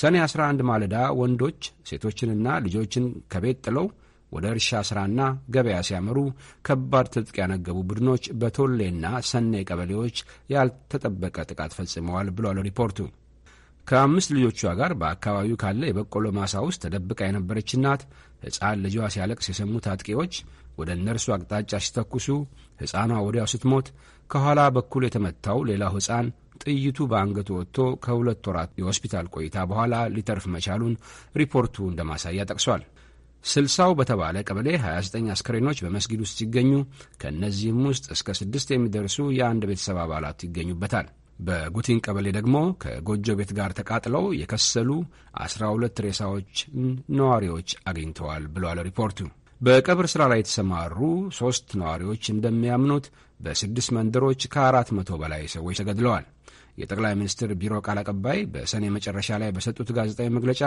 ሰኔ 11 ማለዳ ወንዶች ሴቶችንና ልጆችን ከቤት ጥለው ወደ እርሻ ሥራና ገበያ ሲያመሩ ከባድ ትጥቅ ያነገቡ ቡድኖች በቶሌና ሰኔ ቀበሌዎች ያልተጠበቀ ጥቃት ፈጽመዋል ብሏል ሪፖርቱ። ከአምስት ልጆቿ ጋር በአካባቢው ካለ የበቆሎ ማሳ ውስጥ ተደብቃ የነበረች እናት ሕፃን ልጇ ሲያለቅስ የሰሙ ታጥቂዎች ወደ እነርሱ አቅጣጫ ሲተኩሱ ሕፃኗ ወዲያው ስትሞት፣ ከኋላ በኩል የተመታው ሌላው ሕፃን ጥይቱ በአንገቱ ወጥቶ ከሁለት ወራት የሆስፒታል ቆይታ በኋላ ሊተርፍ መቻሉን ሪፖርቱ እንደማሳያ ጠቅሷል። ስልሳው በተባለ ቀበሌ 29 አስከሬኖች በመስጊድ ውስጥ ሲገኙ ከእነዚህም ውስጥ እስከ ስድስት የሚደርሱ የአንድ ቤተሰብ አባላት ይገኙበታል። በጉቲን ቀበሌ ደግሞ ከጎጆ ቤት ጋር ተቃጥለው የከሰሉ 12 ሬሳዎችን ነዋሪዎች አግኝተዋል ብሏል ሪፖርቱ። በቀብር ሥራ ላይ የተሰማሩ ሦስት ነዋሪዎች እንደሚያምኑት በስድስት መንደሮች ከአራት መቶ በላይ ሰዎች ተገድለዋል። የጠቅላይ ሚኒስትር ቢሮ ቃል አቀባይ በሰኔ መጨረሻ ላይ በሰጡት ጋዜጣዊ መግለጫ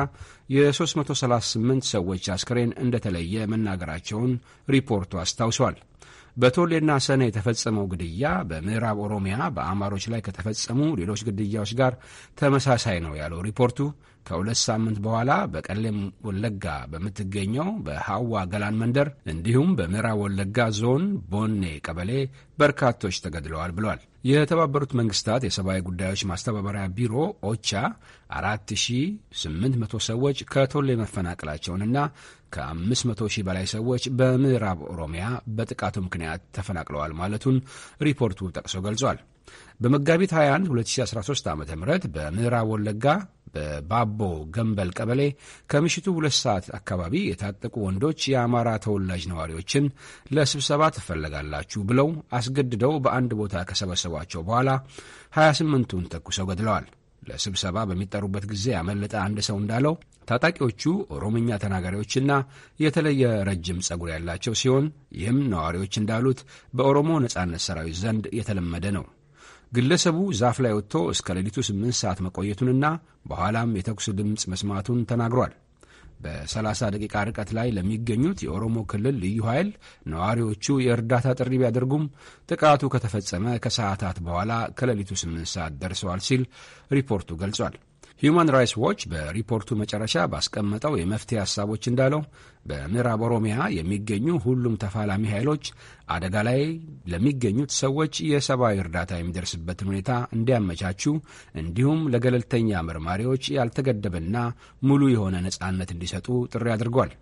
የ338 ሰዎች አስክሬን እንደተለየ መናገራቸውን ሪፖርቱ አስታውሷል። በቶሌና ሰነ የተፈጸመው ግድያ በምዕራብ ኦሮሚያ በአማሮች ላይ ከተፈጸሙ ሌሎች ግድያዎች ጋር ተመሳሳይ ነው ያለው ሪፖርቱ ከሁለት ሳምንት በኋላ በቀለም ወለጋ በምትገኘው በሐዋ ገላን መንደር እንዲሁም በምዕራብ ወለጋ ዞን ቦኔ ቀበሌ በርካቶች ተገድለዋል ብሏል። የተባበሩት መንግስታት የሰብአዊ ጉዳዮች ማስተባበሪያ ቢሮ ኦቻ 4800 ሰዎች ከቶሌ መፈናቀላቸውንና ከ500 ሺህ በላይ ሰዎች በምዕራብ ኦሮሚያ በጥቃቱ ምክንያት ተፈናቅለዋል ማለቱን ሪፖርቱ ጠቅሶ ገልጿል። በመጋቢት 21 2013 ዓ ም በምዕራብ ወለጋ በባቦ ገንበል ቀበሌ ከምሽቱ ሁለት ሰዓት አካባቢ የታጠቁ ወንዶች የአማራ ተወላጅ ነዋሪዎችን ለስብሰባ ትፈለጋላችሁ ብለው አስገድደው በአንድ ቦታ ከሰበሰቧቸው በኋላ 28ቱን ተኩሰው ገድለዋል። ለስብሰባ በሚጠሩበት ጊዜ ያመለጠ አንድ ሰው እንዳለው ታጣቂዎቹ ኦሮምኛ ተናጋሪዎችና የተለየ ረጅም ጸጉር ያላቸው ሲሆን ይህም ነዋሪዎች እንዳሉት በኦሮሞ ነጻነት ሰራዊት ዘንድ የተለመደ ነው። ግለሰቡ ዛፍ ላይ ወጥቶ እስከ ሌሊቱ ስምንት ሰዓት መቆየቱንና በኋላም የተኩስ ድምፅ መስማቱን ተናግሯል። በ30 ደቂቃ ርቀት ላይ ለሚገኙት የኦሮሞ ክልል ልዩ ኃይል ነዋሪዎቹ የእርዳታ ጥሪ ቢያደርጉም ጥቃቱ ከተፈጸመ ከሰዓታት በኋላ ከሌሊቱ 8 ሰዓት ደርሰዋል ሲል ሪፖርቱ ገልጿል። ሂውማን ራይትስ ዎች በሪፖርቱ መጨረሻ ባስቀመጠው የመፍትሄ ሀሳቦች እንዳለው በምዕራብ ኦሮሚያ የሚገኙ ሁሉም ተፋላሚ ኃይሎች አደጋ ላይ ለሚገኙት ሰዎች የሰብአዊ እርዳታ የሚደርስበትን ሁኔታ እንዲያመቻቹ እንዲሁም ለገለልተኛ መርማሪዎች ያልተገደበና ሙሉ የሆነ ነጻነት እንዲሰጡ ጥሪ አድርጓል።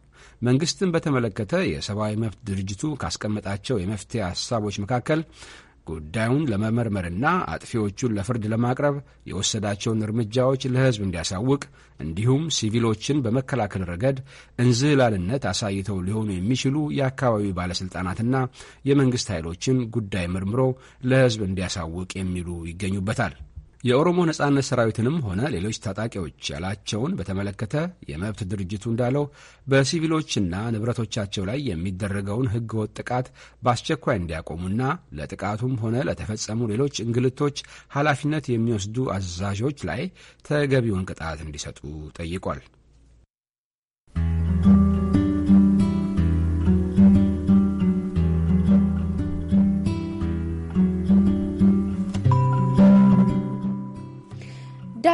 መንግስትን በተመለከተ የሰብአዊ መብት ድርጅቱ ካስቀመጣቸው የመፍትሄ ሀሳቦች መካከል ጉዳዩን ለመመርመርና አጥፊዎቹን ለፍርድ ለማቅረብ የወሰዳቸውን እርምጃዎች ለሕዝብ እንዲያሳውቅ እንዲሁም ሲቪሎችን በመከላከል ረገድ እንዝህላልነት አሳይተው ሊሆኑ የሚችሉ የአካባቢው ባለሥልጣናትና የመንግሥት ኃይሎችን ጉዳይ መርምሮ ለሕዝብ እንዲያሳውቅ የሚሉ ይገኙበታል። የኦሮሞ ነጻነት ሰራዊትንም ሆነ ሌሎች ታጣቂዎች ያላቸውን በተመለከተ የመብት ድርጅቱ እንዳለው በሲቪሎችና ንብረቶቻቸው ላይ የሚደረገውን ህገወጥ ጥቃት በአስቸኳይ እንዲያቆሙና ለጥቃቱም ሆነ ለተፈጸሙ ሌሎች እንግልቶች ኃላፊነት የሚወስዱ አዛዦች ላይ ተገቢውን ቅጣት እንዲሰጡ ጠይቋል።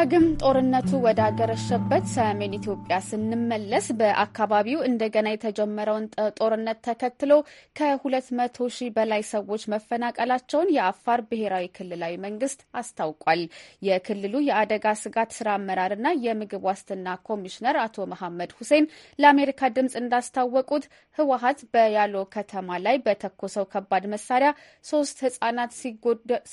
ዳግም ጦርነቱ ወደ ወዳገረሸበት ሰሜን ኢትዮጵያ ስንመለስ በአካባቢው እንደገና የተጀመረውን ጦርነት ተከትሎ ከ 200 ሺህ በላይ ሰዎች መፈናቀላቸውን የአፋር ብሔራዊ ክልላዊ መንግስት አስታውቋል። የክልሉ የአደጋ ስጋት ስራ አመራርና የምግብ ዋስትና ኮሚሽነር አቶ መሐመድ ሁሴን ለአሜሪካ ድምፅ እንዳስታወቁት ህወሀት በያሎ ከተማ ላይ በተኮሰው ከባድ መሳሪያ ሶስት ህጻናት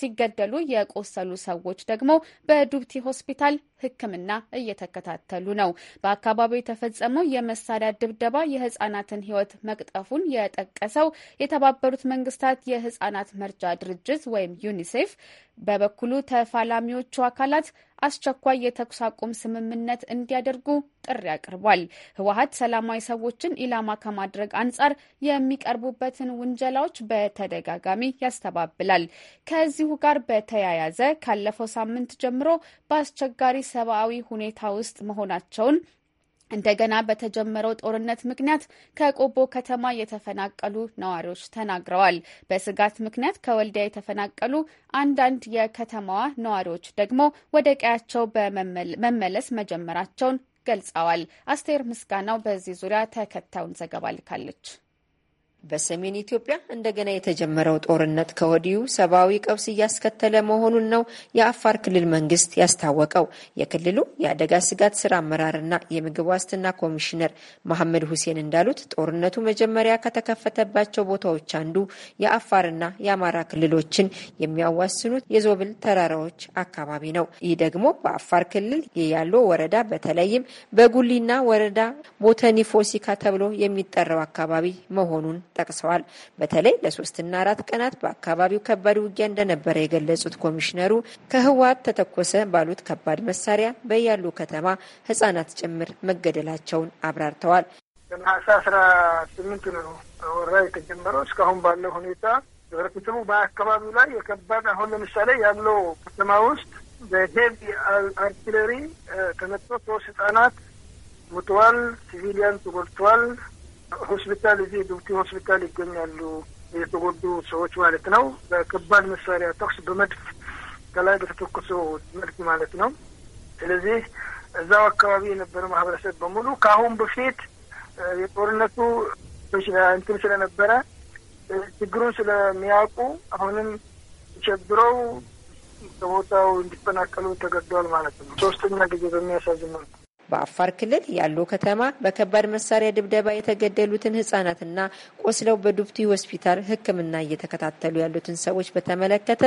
ሲገደሉ የቆሰሉ ሰዎች ደግሞ በዱብቲ ሆስፒታል ሆስፒታል ሕክምና እየተከታተሉ ነው። በአካባቢው የተፈጸመው የመሳሪያ ድብደባ የህጻናትን ህይወት መቅጠፉን የጠቀሰው የተባበሩት መንግስታት የህጻናት መርጃ ድርጅት ወይም ዩኒሴፍ በበኩሉ ተፋላሚዎቹ አካላት አስቸኳይ የተኩስ አቁም ስምምነት እንዲያደርጉ ጥሪ አቅርቧል። ህወሀት ሰላማዊ ሰዎችን ኢላማ ከማድረግ አንጻር የሚቀርቡበትን ውንጀላዎች በተደጋጋሚ ያስተባብላል። ከዚሁ ጋር በተያያዘ ካለፈው ሳምንት ጀምሮ በአስቸጋሪ ሰብአዊ ሁኔታ ውስጥ መሆናቸውን እንደገና በተጀመረው ጦርነት ምክንያት ከቆቦ ከተማ የተፈናቀሉ ነዋሪዎች ተናግረዋል። በስጋት ምክንያት ከወልዲያ የተፈናቀሉ አንዳንድ የከተማዋ ነዋሪዎች ደግሞ ወደ ቀያቸው በመመለስ መጀመራቸውን ገልጸዋል። አስቴር ምስጋናው በዚህ ዙሪያ ተከታዩን ዘገባ ልካለች። በሰሜን ኢትዮጵያ እንደገና የተጀመረው ጦርነት ከወዲሁ ሰብአዊ ቀውስ እያስከተለ መሆኑን ነው የአፋር ክልል መንግስት ያስታወቀው። የክልሉ የአደጋ ስጋት ስራ አመራርና የምግብ ዋስትና ኮሚሽነር መሐመድ ሁሴን እንዳሉት ጦርነቱ መጀመሪያ ከተከፈተባቸው ቦታዎች አንዱ የአፋርና የአማራ ክልሎችን የሚያዋስኑት የዞብል ተራራዎች አካባቢ ነው። ይህ ደግሞ በአፋር ክልል የያሎ ወረዳ በተለይም በጉሊና ወረዳ ቦተኒፎሲካ ተብሎ የሚጠራው አካባቢ መሆኑን ጠቅሰዋል። በተለይ ለሶስትና አራት ቀናት በአካባቢው ከባድ ውጊያ እንደነበረ የገለጹት ኮሚሽነሩ ከህወሓት ተተኮሰ ባሉት ከባድ መሳሪያ በያሉ ከተማ ህጻናት ጭምር መገደላቸውን አብራርተዋል። ነሐሴ አስራ ስምንት ነው ወራ የተጀመረው እስካሁን ባለው ሁኔታ ህብረተሰቡ በአካባቢው ላይ የከባድ አሁን ለምሳሌ ያለው ከተማ ውስጥ በሄቪ አርቲለሪ ተመቶ ሶስት ህጻናት ሙተዋል። ሲቪሊያን ተጎድተዋል። ሆስፒታል እዚህ ዱብቲ ሆስፒታል ይገኛሉ የተጎዱ ሰዎች ማለት ነው። በከባድ መሳሪያ ተኩስ በመድፍ ከላይ በተተኮሰው መድፍ ማለት ነው። ስለዚህ እዛው አካባቢ የነበረ ማህበረሰብ በሙሉ ከአሁን በፊት የጦርነቱ እንትን ስለነበረ ችግሩን ስለሚያውቁ አሁንም ተቸግረው ከቦታው እንዲፈናቀሉ ተገደዋል ማለት ነው። ሶስተኛ ጊዜ በሚያሳዝን መልኩ በአፋር ክልል ያለው ከተማ በከባድ መሳሪያ ድብደባ የተገደሉትን ህጻናትና ቆስለው በዱብቲ ሆስፒታል ሕክምና እየተከታተሉ ያሉትን ሰዎች በተመለከተ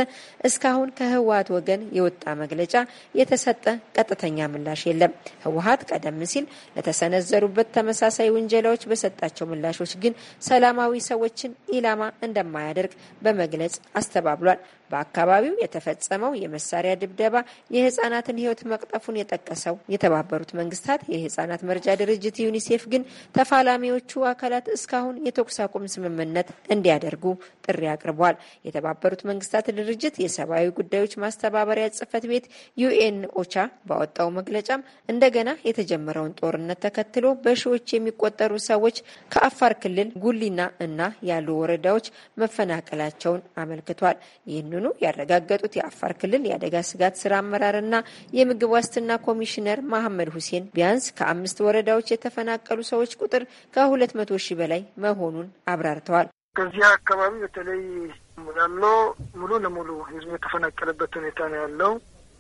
እስካሁን ከህወሀት ወገን የወጣ መግለጫ የተሰጠ ቀጥተኛ ምላሽ የለም። ህወሀት ቀደም ሲል ለተሰነዘሩበት ተመሳሳይ ውንጀላዎች በሰጣቸው ምላሾች ግን ሰላማዊ ሰዎችን ኢላማ እንደማያደርግ በመግለጽ አስተባብሏል። በአካባቢው የተፈጸመው የመሳሪያ ድብደባ የህጻናትን ህይወት መቅጠፉን የጠቀሰው የተባበሩት መንግስታት የህጻናት መርጃ ድርጅት ዩኒሴፍ ግን ተፋላሚዎቹ አካላት እስካሁን የተኩስ የአቁም ስምምነት እንዲያደርጉ ጥሪ አቅርቧል። የተባበሩት መንግስታት ድርጅት የሰብአዊ ጉዳዮች ማስተባበሪያ ጽህፈት ቤት ዩኤን ኦቻ ባወጣው መግለጫም እንደገና የተጀመረውን ጦርነት ተከትሎ በሺዎች የሚቆጠሩ ሰዎች ከአፋር ክልል ጉሊና እና ያሉ ወረዳዎች መፈናቀላቸውን አመልክቷል። ይህንኑ ያረጋገጡት የአፋር ክልል የአደጋ ስጋት ስራ አመራርና የምግብ ዋስትና ኮሚሽነር መሐመድ ሁሴን ቢያንስ ከአምስት ወረዳዎች የተፈናቀሉ ሰዎች ቁጥር ከሁለት መቶ ሺህ በላይ መሆኑን አብራርተዋል። ከዚህ አካባቢ በተለይ ሙላሎ ሙሉ ለሙሉ ህዝብ የተፈናቀለበት ሁኔታ ነው ያለው።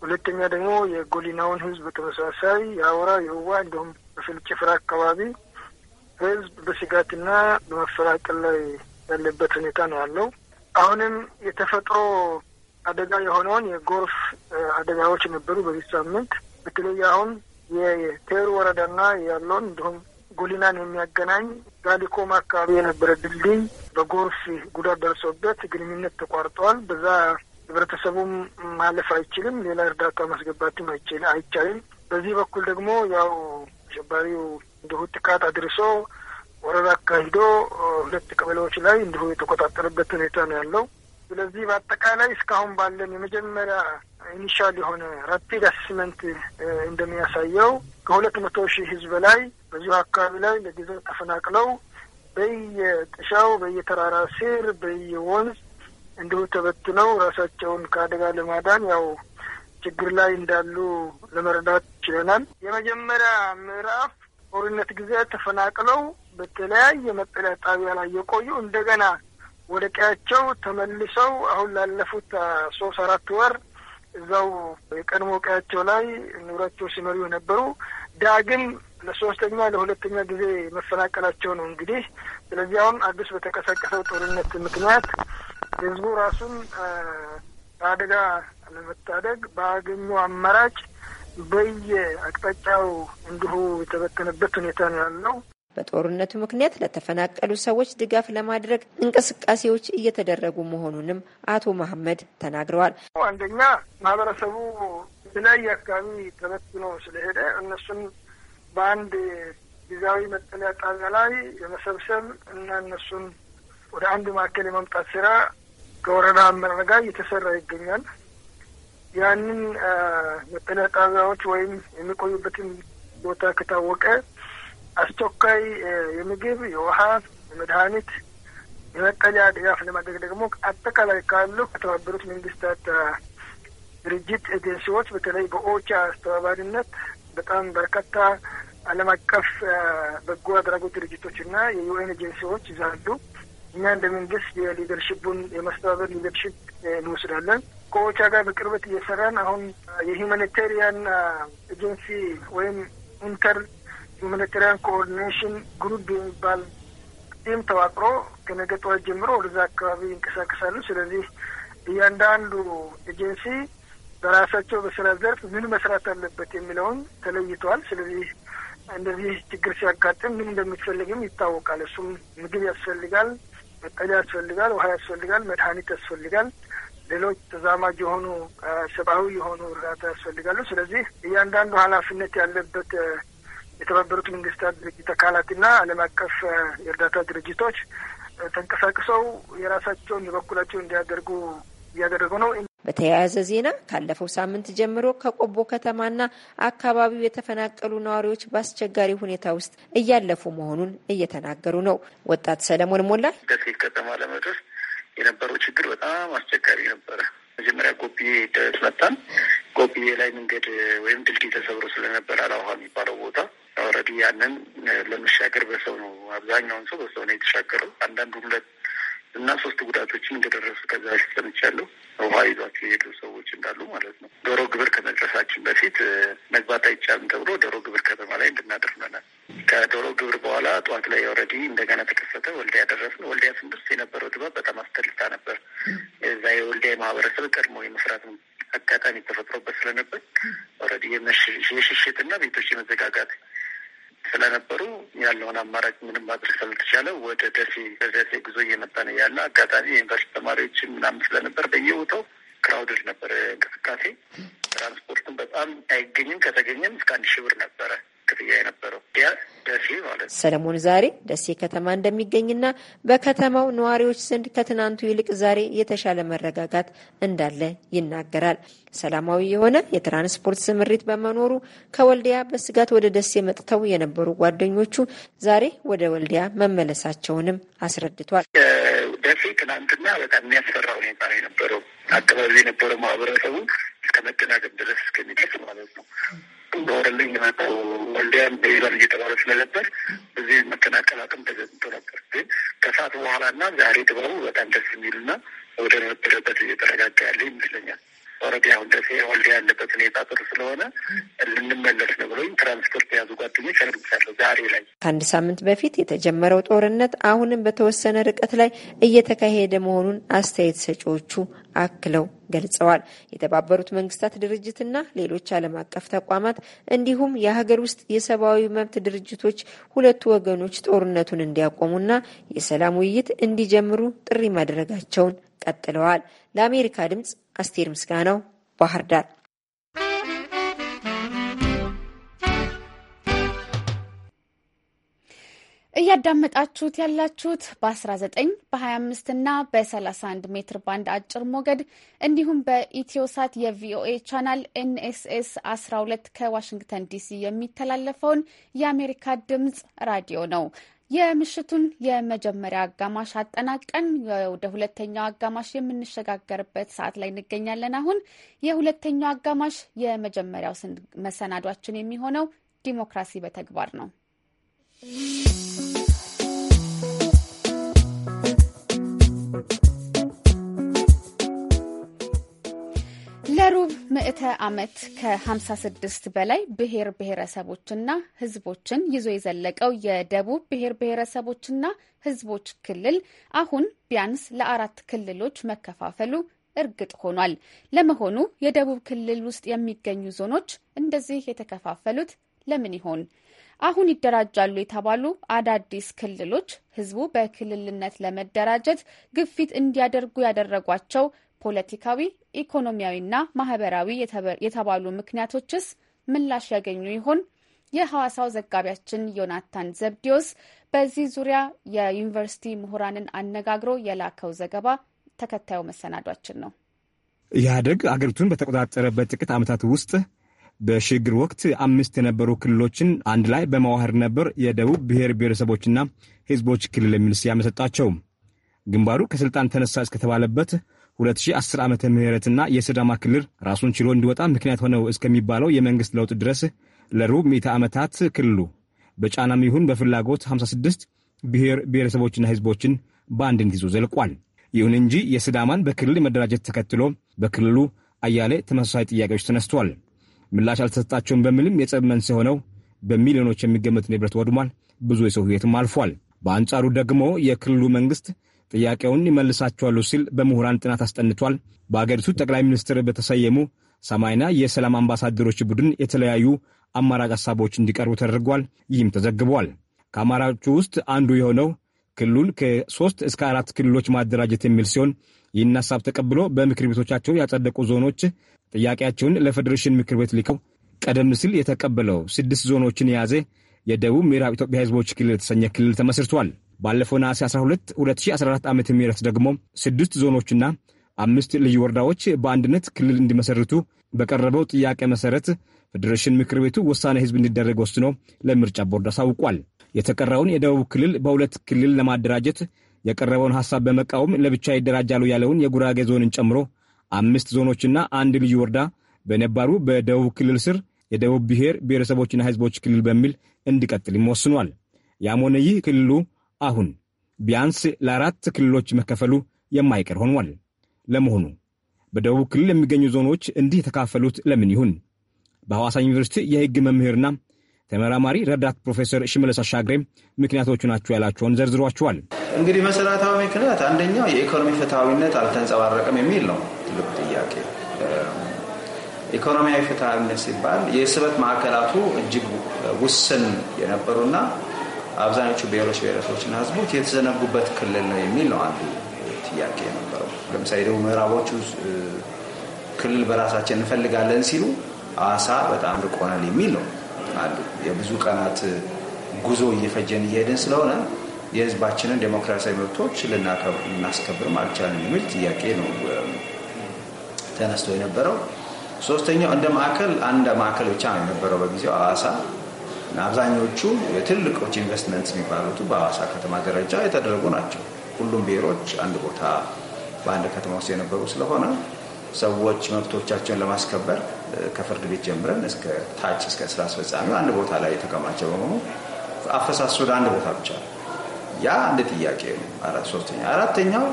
ሁለተኛ ደግሞ የጎሊናውን ህዝብ በተመሳሳይ የአውራ የውዋ እንዲሁም በፍልጭፍራ አካባቢ ህዝብ በስጋትና በመፈናቀል ላይ ያለበት ሁኔታ ነው ያለው። አሁንም የተፈጥሮ አደጋ የሆነውን የጎርፍ አደጋዎች ነበሩ በዚህ ሳምንት በተለይ አሁን የቴሩ ወረዳና ያለውን እንዲሁም ጉሊናን የሚያገናኝ ዳሊኮማ አካባቢ የነበረ ድልድይ በጎርፍ ጉዳት ደርሶበት ግንኙነት ተቋርጧል። በዛ ህብረተሰቡም ማለፍ አይችልም። ሌላ እርዳታ ማስገባትም አይችል አይቻልም። በዚህ በኩል ደግሞ ያው አሸባሪው እንዲሁ ጥቃት አድርሶ ወረራ አካሂዶ ሁለት ቀበሌዎች ላይ እንዲሁ የተቆጣጠረበት ሁኔታ ነው ያለው። ስለዚህ በአጠቃላይ እስካሁን ባለን የመጀመሪያ ኢኒሻል የሆነ ራፒድ አሴስመንት እንደሚያሳየው ከሁለት መቶ ሺህ ህዝብ በላይ በዚሁ አካባቢ ላይ ለጊዜው ተፈናቅለው በየጥሻው በየተራራ ስር በየወንዝ እንዲሁ ተበትነው ራሳቸውን ከአደጋ ለማዳን ያው ችግር ላይ እንዳሉ ለመረዳት ችለናል። የመጀመሪያ ምዕራፍ ጦርነት ጊዜ ተፈናቅለው በተለያየ መጠለያ ጣቢያ ላይ የቆዩ እንደገና ወደ ቀያቸው ተመልሰው አሁን ላለፉት ሶስት አራት ወር እዛው የቀድሞ ቀያቸው ላይ ኑሯቸው ሲመሩ የነበሩ ዳግም ለሶስተኛ ለሁለተኛ ጊዜ መፈናቀላቸው ነው እንግዲህ። ስለዚህ አሁን አዲስ በተቀሰቀሰው ጦርነት ምክንያት ህዝቡ ራሱን አደጋ ለመታደግ በአገኙ አማራጭ በየ አቅጣጫው እንዲሁ የተበተነበት ሁኔታ ነው ያለው። በጦርነቱ ምክንያት ለተፈናቀሉ ሰዎች ድጋፍ ለማድረግ እንቅስቃሴዎች እየተደረጉ መሆኑንም አቶ መሀመድ ተናግረዋል። አንደኛ ማህበረሰቡ የተለያየ አካባቢ ተበትኖ ስለሄደ እነሱን በአንድ ጊዜያዊ መጠለያ ጣቢያ ላይ የመሰብሰብ እና እነሱን ወደ አንድ ማዕከል የመምጣት ስራ ከወረዳ አመራር ጋር እየተሰራ ይገኛል። ያንን መጠለያ ጣቢያዎች ወይም የሚቆዩበትን ቦታ ከታወቀ አስቸኳይ የምግብ የውሃ፣ የመድኃኒት፣ የመጠለያ ድጋፍ ለማድረግ ደግሞ አጠቃላይ ካሉ ከተባበሩት መንግስታት ድርጅት ኤጀንሲዎች በተለይ በኦቻ አስተባባሪነት በጣም በርካታ ዓለም አቀፍ በጎ አድራጎት ድርጅቶች እና የዩኤን ኤጀንሲዎች ይዛሉ። እኛ እንደ መንግስት የሊደርሽፑን የማስተባበር ሊደርሽፕ እንወስዳለን። ከኦቻ ጋር በቅርበት እየሰራን አሁን የሂውማኒቴሪያን ኤጀንሲ ወይም ኢንተር ሁማኒታሪያን ኮኦርዲኔሽን ግሩፕ የሚባል ቲም ተዋቅሮ ከነገ ጠዋት ጀምሮ ወደዛ አካባቢ ይንቀሳቀሳሉ። ስለዚህ እያንዳንዱ ኤጀንሲ በራሳቸው በስራ ዘርፍ ምን መስራት አለበት የሚለውን ተለይተዋል። ስለዚህ እንደዚህ ችግር ሲያጋጥም ምን እንደሚፈልግም ይታወቃል። እሱም ምግብ ያስፈልጋል፣ መጠለያ ያስፈልጋል፣ ውሃ ያስፈልጋል፣ መድኃኒት ያስፈልጋል፣ ሌሎች ተዛማጅ የሆኑ ሰብአዊ የሆኑ እርዳታ ያስፈልጋሉ። ስለዚህ እያንዳንዱ ኃላፊነት ያለበት የተባበሩት መንግስታት ድርጅት አካላትና ዓለም አቀፍ የእርዳታ ድርጅቶች ተንቀሳቅሰው የራሳቸውን የበኩላቸው እንዲያደርጉ እያደረጉ ነው። በተያያዘ ዜና ካለፈው ሳምንት ጀምሮ ከቆቦ ከተማና አካባቢው የተፈናቀሉ ነዋሪዎች በአስቸጋሪ ሁኔታ ውስጥ እያለፉ መሆኑን እየተናገሩ ነው። ወጣት ሰለሞን ሞላ ደሴት ከተማ ለመድረስ የነበረው ችግር በጣም አስቸጋሪ ነበረ። መጀመሪያ ጎብዬ ድረስ መጣን። ጎብዬ ላይ መንገድ ወይም ድልድይ ተሰብሮ ስለነበር አላውሃ የሚባለው ቦታ ኦልሬዲ ያንን ለመሻገር በሰው ነው አብዛኛውን ሰው በሰው ነው የተሻገረው። አንዳንዱ ሁለት እና ሶስት ጉዳቶችን እንደደረሱ ከዛ ሰምቻለሁ። ውሃ ይዟቸው የሄዱ ሰዎች እንዳሉ ማለት ነው። ዶሮ ግብር ከመድረሳችን በፊት መግባት አይቻልም ተብሎ ዶሮ ግብር ከተማ ላይ እንድናደርመናል። ከዶሮ ግብር በኋላ ጠዋት ላይ ኦልሬዲ እንደገና ተከሰተ። ወልዲያ ደረስን። ወልዲያ ስንደርስ የነበረው ድባብ በጣም አስተልታ ነበር። እዛ የወልዲያ ማህበረሰብ ቀድሞ የመስራት አጋጣሚ ተፈጥሮበት ስለነበር ኦልሬዲ የሽሽትና ቤቶች የመዘጋጋት ስለነበሩ ያለውን አማራጭ ምንም ማድረግ ስላልተቻለ ወደ ደሴ በደሴ ጉዞ እየመጣ ነው ያለ አጋጣሚ የዩኒቨርስቲ ተማሪዎች ምናምን ስለነበር በየቦታው ክራውድድ ነበር እንቅስቃሴ። ትራንስፖርቱም በጣም አይገኝም ከተገኘም እስከ አንድ ሺህ ብር ነበረ ክፍያ የነበረው ቢያንስ ደሴ ማለት ነው። ሰለሞን ዛሬ ደሴ ከተማ እንደሚገኝና በከተማው ነዋሪዎች ዘንድ ከትናንቱ ይልቅ ዛሬ የተሻለ መረጋጋት እንዳለ ይናገራል። ሰላማዊ የሆነ የትራንስፖርት ስምሪት በመኖሩ ከወልዲያ በስጋት ወደ ደሴ መጥተው የነበሩ ጓደኞቹ ዛሬ ወደ ወልዲያ መመለሳቸውንም አስረድቷል። ደሴ ትናንትና በጣም የሚያስፈራ ሁኔታ ነው የነበረው። አካባቢ የነበረው ማህበረሰቡ እስከ መደናገጥ ድረስ እስከሚደርስ ማለት ነው በወረልኝ የመጣው ወልዲያም በሄላል እየተባለ ስለነበር እዚህ መቀናቀል አቅም ተገዝቶ ነበር። ግን ከሰዓት በኋላ እና ዛሬ ድባቡ በጣም ደስ የሚልና ወደ ነበረበት እየተረጋጋ ያለ ይመስለኛል። ኦልሬዲ አሁን ደሴ ወልዲያ ያለበት ሁኔታ ጥሩ ስለሆነ ልንመለስ ነው ብሎኝ ትራንስፖርት የያዙ ጓደኞች አድርጉቻለሁ። ዛሬ ላይ ከአንድ ሳምንት በፊት የተጀመረው ጦርነት አሁንም በተወሰነ ርቀት ላይ እየተካሄደ መሆኑን አስተያየት ሰጪዎቹ አክለው ገልጸዋል። የተባበሩት መንግስታት ድርጅትና ሌሎች ዓለም አቀፍ ተቋማት እንዲሁም የሀገር ውስጥ የሰብአዊ መብት ድርጅቶች ሁለቱ ወገኖች ጦርነቱን እንዲያቆሙና የሰላም ውይይት እንዲጀምሩ ጥሪ ማድረጋቸውን ቀጥለዋል። ለአሜሪካ ድምጽ አስቴር ምስጋናው ባህር ዳር። እያዳመጣችሁት ያላችሁት በ19 በ25 እና በ31 ሜትር ባንድ አጭር ሞገድ እንዲሁም በኢትዮሳት የቪኦኤ ቻናል ኤንኤስኤስ 12 ከዋሽንግተን ዲሲ የሚተላለፈውን የአሜሪካ ድምጽ ራዲዮ ነው። የምሽቱን የመጀመሪያ አጋማሽ አጠናቀን ወደ ሁለተኛው አጋማሽ የምንሸጋገርበት ሰዓት ላይ እንገኛለን። አሁን የሁለተኛው አጋማሽ የመጀመሪያው መሰናዷችን የሚሆነው ዲሞክራሲ በተግባር ነው። ለሩብ ምዕተ ዓመት ከ56 በላይ ብሔር ብሔረሰቦችና ሕዝቦችን ይዞ የዘለቀው የደቡብ ብሔር ብሔረሰቦችና ሕዝቦች ክልል አሁን ቢያንስ ለአራት ክልሎች መከፋፈሉ እርግጥ ሆኗል። ለመሆኑ የደቡብ ክልል ውስጥ የሚገኙ ዞኖች እንደዚህ የተከፋፈሉት ለምን ይሆን? አሁን ይደራጃሉ የተባሉ አዳዲስ ክልሎች ህዝቡ በክልልነት ለመደራጀት ግፊት እንዲያደርጉ ያደረጓቸው ፖለቲካዊ፣ ኢኮኖሚያዊና ማህበራዊ የተባሉ ምክንያቶችስ ምላሽ ያገኙ ይሆን? የሐዋሳው ዘጋቢያችን ዮናታን ዘብዲዮስ በዚህ ዙሪያ የዩኒቨርሲቲ ምሁራንን አነጋግሮ የላከው ዘገባ ተከታዩ መሰናዷችን ነው። ኢህአደግ አገሪቱን በተቆጣጠረበት ጥቂት ዓመታት ውስጥ በሽግግር ወቅት አምስት የነበሩ ክልሎችን አንድ ላይ በመዋህር ነበር የደቡብ ብሔር ብሔረሰቦችና ሕዝቦች ክልል የሚል ስያሜ ሰጣቸው። ግንባሩ ከሥልጣን ተነሳ እስከተባለበት 2010 ዓ ምህረትና የስዳማ ክልል ራሱን ችሎ እንዲወጣ ምክንያት ሆነው እስከሚባለው የመንግሥት ለውጥ ድረስ ለሩብ ምዕተ ዓመታት ክልሉ በጫናም ይሁን በፍላጎት 56 ብሔር ብሔረሰቦችና ሕዝቦችን በአንድነት ይዞ ዘልቋል። ይሁን እንጂ የስዳማን በክልል መደራጀት ተከትሎ በክልሉ አያሌ ተመሳሳይ ጥያቄዎች ተነስተዋል። ምላሽ አልተሰጣቸውም በሚልም የጸብ መንስኤ ሆነው በሚሊዮኖች የሚገመት ንብረት ወድሟል። ብዙ የሰው ሕይወትም አልፏል። በአንጻሩ ደግሞ የክልሉ መንግሥት ጥያቄውን ይመልሳቸዋሉ ሲል በምሁራን ጥናት አስጠንቷል። በአገሪቱ ጠቅላይ ሚኒስትር በተሰየሙ ሰማይና የሰላም አምባሳደሮች ቡድን የተለያዩ አማራጭ ሀሳቦች እንዲቀርቡ ተደርጓል። ይህም ተዘግቧል። ከአማራጮቹ ውስጥ አንዱ የሆነው ክልሉን ከሶስት እስከ አራት ክልሎች ማደራጀት የሚል ሲሆን ይህን ሀሳብ ተቀብሎ በምክር ቤቶቻቸው ያጸደቁ ዞኖች ጥያቄያቸውን ለፌዴሬሽን ምክር ቤት ልከው ቀደም ሲል የተቀበለው ስድስት ዞኖችን የያዘ የደቡብ ምዕራብ ኢትዮጵያ ሕዝቦች ክልል የተሰኘ ክልል ተመስርቷል። ባለፈው ነሐሴ 12 2014 ዓ ም ደግሞ ስድስት ዞኖችና አምስት ልዩ ወረዳዎች በአንድነት ክልል እንዲመሰርቱ በቀረበው ጥያቄ መሰረት ፌዴሬሽን ምክር ቤቱ ውሳኔ ህዝብ እንዲደረግ ወስኖ ለምርጫ ቦርድ አሳውቋል። የተቀረውን የደቡብ ክልል በሁለት ክልል ለማደራጀት የቀረበውን ሀሳብ በመቃወም ለብቻ ይደራጃሉ ያለውን የጉራጌ ዞንን ጨምሮ አምስት ዞኖችና አንድ ልዩ ወረዳ በነባሩ በደቡብ ክልል ስር የደቡብ ብሔር ብሔረሰቦችና ህዝቦች ክልል በሚል እንዲቀጥልም ወስኗል። ያም ሆነ ይህ ክልሉ አሁን ቢያንስ ለአራት ክልሎች መከፈሉ የማይቀር ሆኗል። ለመሆኑ በደቡብ ክልል የሚገኙ ዞኖች እንዲህ የተካፈሉት ለምን ይሁን? በሐዋሳ ዩኒቨርሲቲ የሕግ መምህርና ተመራማሪ ረዳት ፕሮፌሰር ሽመለስ አሻግሬ ምክንያቶቹ ናቸው ያላቸውን ዘርዝሯቸዋል። እንግዲህ መሰረታዊ ምክንያት አንደኛው የኢኮኖሚ ፍትሐዊነት አልተንጸባረቀም የሚል ነው። ትልቁ ጥያቄ ኢኮኖሚያዊ ፍትሐዊነት ሲባል የስበት ማዕከላቱ እጅግ ውስን የነበሩና አብዛኞቹ ብሔሮች ብሔረሰቦችና ህዝቦች የተዘነጉበት ክልል ነው የሚል ነው አንዱ ጥያቄ የነበረው። ለምሳሌ ደግሞ ምዕራቦቹ ክልል በራሳችን እንፈልጋለን ሲሉ አሳ በጣም ርቆናል የሚል ነው አንዱ። የብዙ ቀናት ጉዞ እየፈጀን እየሄድን ስለሆነ የህዝባችንን ዴሞክራሲያዊ መብቶች ልናስከብርም አልቻለን የሚል ጥያቄ ነው ተነስቶ የነበረው። ሶስተኛው እንደ ማዕከል አንድ ማዕከል ብቻ ነው የነበረው በጊዜው አዋሳ አብዛኞቹ የትልቆች ኢንቨስትመንት የሚባሉት በሐዋሳ ከተማ ደረጃ የተደረጉ ናቸው። ሁሉም ብሔሮች አንድ ቦታ በአንድ ከተማ ውስጥ የነበሩ ስለሆነ ሰዎች መብቶቻቸውን ለማስከበር ከፍርድ ቤት ጀምረን እስከ ታች እስከ ስራ አስፈጻሚው አንድ ቦታ ላይ የተከማቸ በመሆኑ አፈሳሱ ወደ አንድ ቦታ ብቻ ያ አንድ ጥያቄ ነው። ሶስተኛ አራተኛው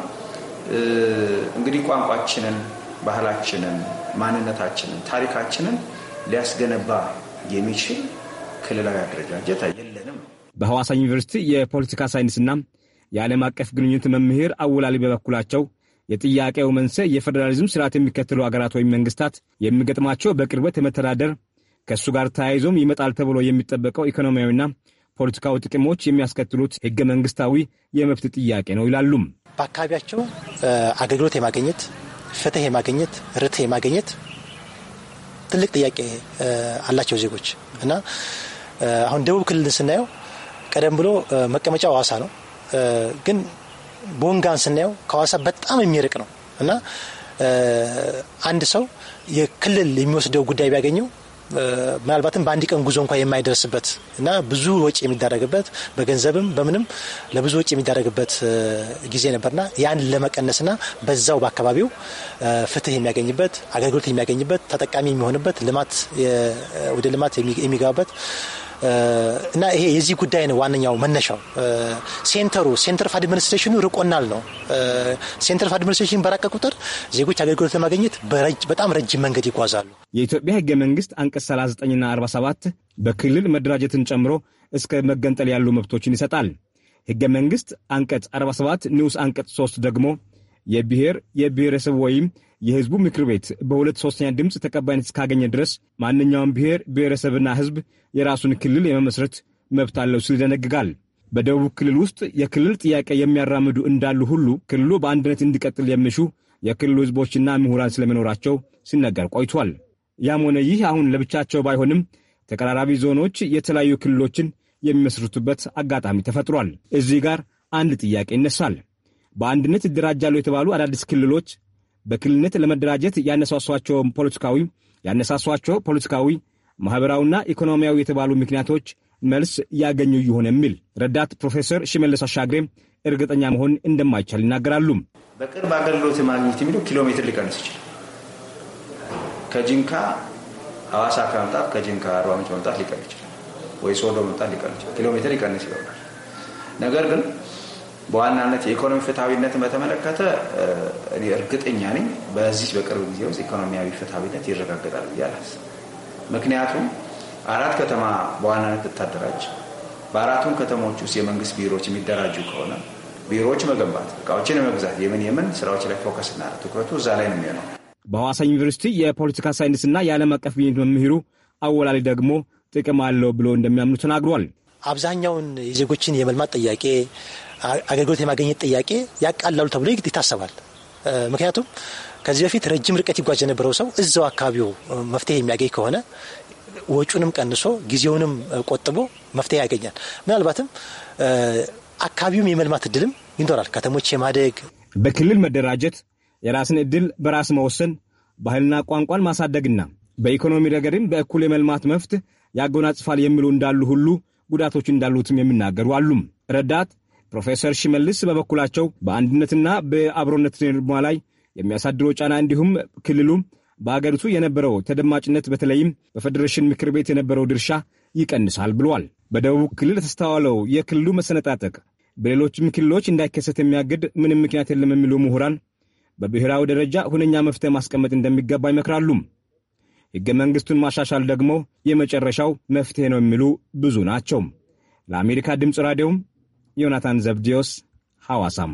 እንግዲህ ቋንቋችንን፣ ባህላችንን፣ ማንነታችንን፣ ታሪካችንን ሊያስገነባ የሚችል ክልላዊ አደረጃጀት የለንም ነው። በሐዋሳ ዩኒቨርሲቲ የፖለቲካ ሳይንስና የዓለም አቀፍ ግንኙነት መምህር አወላሊ በበኩላቸው የጥያቄው መንስኤ የፌዴራሊዝም ስርዓት የሚከተሉ አገራት ወይም መንግስታት የሚገጥማቸው በቅርበት የመተዳደር ከእሱ ጋር ተያይዞም ይመጣል ተብሎ የሚጠበቀው ኢኮኖሚያዊና ፖለቲካዊ ጥቅሞች የሚያስከትሉት ህገ መንግስታዊ የመብት ጥያቄ ነው ይላሉም። በአካባቢያቸው አገልግሎት የማግኘት ፍትህ የማግኘት ርትህ የማግኘት ትልቅ ጥያቄ አላቸው ዜጎች እና አሁን ደቡብ ክልል ስናየው ቀደም ብሎ መቀመጫው ሀዋሳ ነው፣ ግን ቦንጋን ስናየው ከዋሳ በጣም የሚርቅ ነው እና አንድ ሰው የክልል የሚወስደው ጉዳይ ቢያገኘው ምናልባትም በአንድ ቀን ጉዞ እንኳ የማይደርስበት እና ብዙ ወጪ የሚደረግበት በገንዘብም በምንም ለብዙ ወጪ የሚደረግበት ጊዜ ነበርና ያን ለመቀነስና በዛው በአካባቢው ፍትህ የሚያገኝበት አገልግሎት የሚያገኝበት ተጠቃሚ የሚሆንበት ልማት ወደ ልማት የሚገባበት እና ይሄ የዚህ ጉዳይ ነው ዋነኛው መነሻው። ሴንተሩ ሴንተር ኦፍ አድሚኒስትሬሽኑ ርቆናል ነው። ሴንተር ኦፍ አድሚኒስትሬሽን በራቀ ቁጥር ዜጎች አገልግሎት ለማግኘት በጣም ረጅም መንገድ ይጓዛሉ። የኢትዮጵያ ህገ መንግስት አንቀጽ 39ና 47 በክልል መደራጀትን ጨምሮ እስከ መገንጠል ያሉ መብቶችን ይሰጣል። ህገ መንግስት አንቀጽ 47 ንዑስ አንቀጽ 3 ደግሞ የብሔር የብሔረሰብ ወይም የህዝቡ ምክር ቤት በሁለት ሶስተኛ ድምፅ ተቀባይነት እስካገኘ ድረስ ማንኛውም ብሔር ብሔረሰብና ህዝብ የራሱን ክልል የመመስረት መብት አለው ሲል ይደነግጋል። በደቡብ ክልል ውስጥ የክልል ጥያቄ የሚያራምዱ እንዳሉ ሁሉ ክልሉ በአንድነት እንዲቀጥል የሚሹ የክልሉ ህዝቦችና ምሁራን ስለመኖራቸው ሲነገር ቆይቷል። ያም ሆነ ይህ አሁን ለብቻቸው ባይሆንም ተቀራራቢ ዞኖች የተለያዩ ክልሎችን የሚመስርቱበት አጋጣሚ ተፈጥሯል። እዚህ ጋር አንድ ጥያቄ ይነሳል። በአንድነት ይደራጃሉ የተባሉ አዳዲስ ክልሎች በክልልነት ለመደራጀት ያነሳሷቸው ፖለቲካዊ ያነሳሷቸው ፖለቲካዊ ማኅበራዊና ኢኮኖሚያዊ የተባሉ ምክንያቶች መልስ ያገኙ ይሆን የሚል ረዳት ፕሮፌሰር ሽመለስ አሻግሬም እርግጠኛ መሆን እንደማይቻል ይናገራሉ። በቅርብ አገልግሎት የማግኘት የሚለው ኪሎ ሜትር ሊቀንስ ይችላል። ከጅንካ አዋሳ ከመምጣት ከጅንካ አርባ ምንጭ መምጣት ሊቀንስ ይችላል፣ ወይ ሶዶ መምጣት ሊቀንስ ይችላል። ኪሎ ሜትር ሊቀንስ ይሆናል። ነገር ግን በዋናነት የኢኮኖሚ ፍትሐዊነትን በተመለከተ እኔ እርግጠኛ ነኝ በዚህ በቅርብ ጊዜ ውስጥ ኢኮኖሚያዊ ፍትሐዊነት ይረጋገጣል ብዬ አላስብም። ምክንያቱም አራት ከተማ በዋናነት ብታደራጅ በአራቱም ከተሞች ውስጥ የመንግስት ቢሮዎች የሚደራጁ ከሆነ ቢሮዎች መገንባት፣ እቃዎችን የመግዛት የምን የምን ስራዎች ላይ ፎከስ እና ትኩረቱ እዛ ላይ ነው የሚሆነው። በሐዋሳ ዩኒቨርሲቲ የፖለቲካ ሳይንስና የዓለም አቀፍ ግንኙነት መምህሩ አወላሌ ደግሞ ጥቅም አለው ብሎ እንደሚያምኑ ተናግሯል። አብዛኛውን የዜጎችን የመልማት ጥያቄ አገልግሎት የማግኘት ጥያቄ ያቃላሉ ተብሎ ይታሰባል። ምክንያቱም ከዚህ በፊት ረጅም ርቀት ይጓዝ የነበረው ሰው እዛው አካባቢው መፍትሄ የሚያገኝ ከሆነ ወጪውንም ቀንሶ ጊዜውንም ቆጥቦ መፍትሄ ያገኛል። ምናልባትም አካባቢውም የመልማት እድልም ይኖራል። ከተሞች የማደግ በክልል መደራጀት የራስን እድል በራስ መወሰን ባህልና ቋንቋን ማሳደግና በኢኮኖሚ ረገድም በእኩል የመልማት መፍት ያጎናጽፋል የሚሉ እንዳሉ ሁሉ ጉዳቶች እንዳሉትም የሚናገሩ አሉም። ረዳት ፕሮፌሰር ሽመልስ በበኩላቸው በአንድነትና በአብሮነት ርማ ላይ የሚያሳድረው ጫና እንዲሁም ክልሉ በአገሪቱ የነበረው ተደማጭነት በተለይም በፌዴሬሽን ምክር ቤት የነበረው ድርሻ ይቀንሳል ብለዋል። በደቡብ ክልል የተስተዋለው የክልሉ መሰነጣጠቅ በሌሎችም ክልሎች እንዳይከሰት የሚያግድ ምንም ምክንያት የለም የሚሉ ምሁራን በብሔራዊ ደረጃ ሁነኛ መፍትሄ ማስቀመጥ እንደሚገባ ይመክራሉ። ሕገ መንግሥቱን ማሻሻል ደግሞ የመጨረሻው መፍትሄ ነው የሚሉ ብዙ ናቸው። ለአሜሪካ ድምፅ ራዲዮም ዮናታን ዘብዲዮስ ሐዋሳም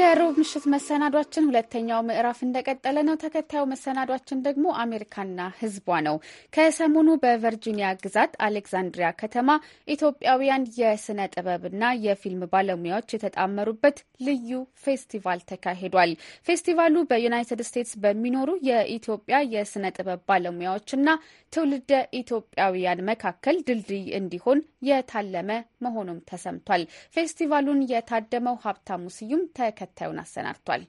የሮብ ምሽት መሰናዷችን ሁለተኛው ምዕራፍ እንደቀጠለ ነው። ተከታዩ መሰናዷችን ደግሞ አሜሪካና ሕዝቧ ነው። ከሰሞኑ በቨርጂኒያ ግዛት አሌክዛንድሪያ ከተማ ኢትዮጵያውያን የስነ ጥበብና የፊልም ባለሙያዎች የተጣመሩበት ልዩ ፌስቲቫል ተካሂዷል። ፌስቲቫሉ በዩናይትድ ስቴትስ በሚኖሩ የኢትዮጵያ የስነ ጥበብ ባለሙያዎችና ትውልደ ኢትዮጵያውያን መካከል ድልድይ እንዲሆን የታለመ መሆኑም ተሰምቷል። ፌስቲቫሉን የታደመው ሀብታሙ ስዩም ተከታዩን አሰናድቷል።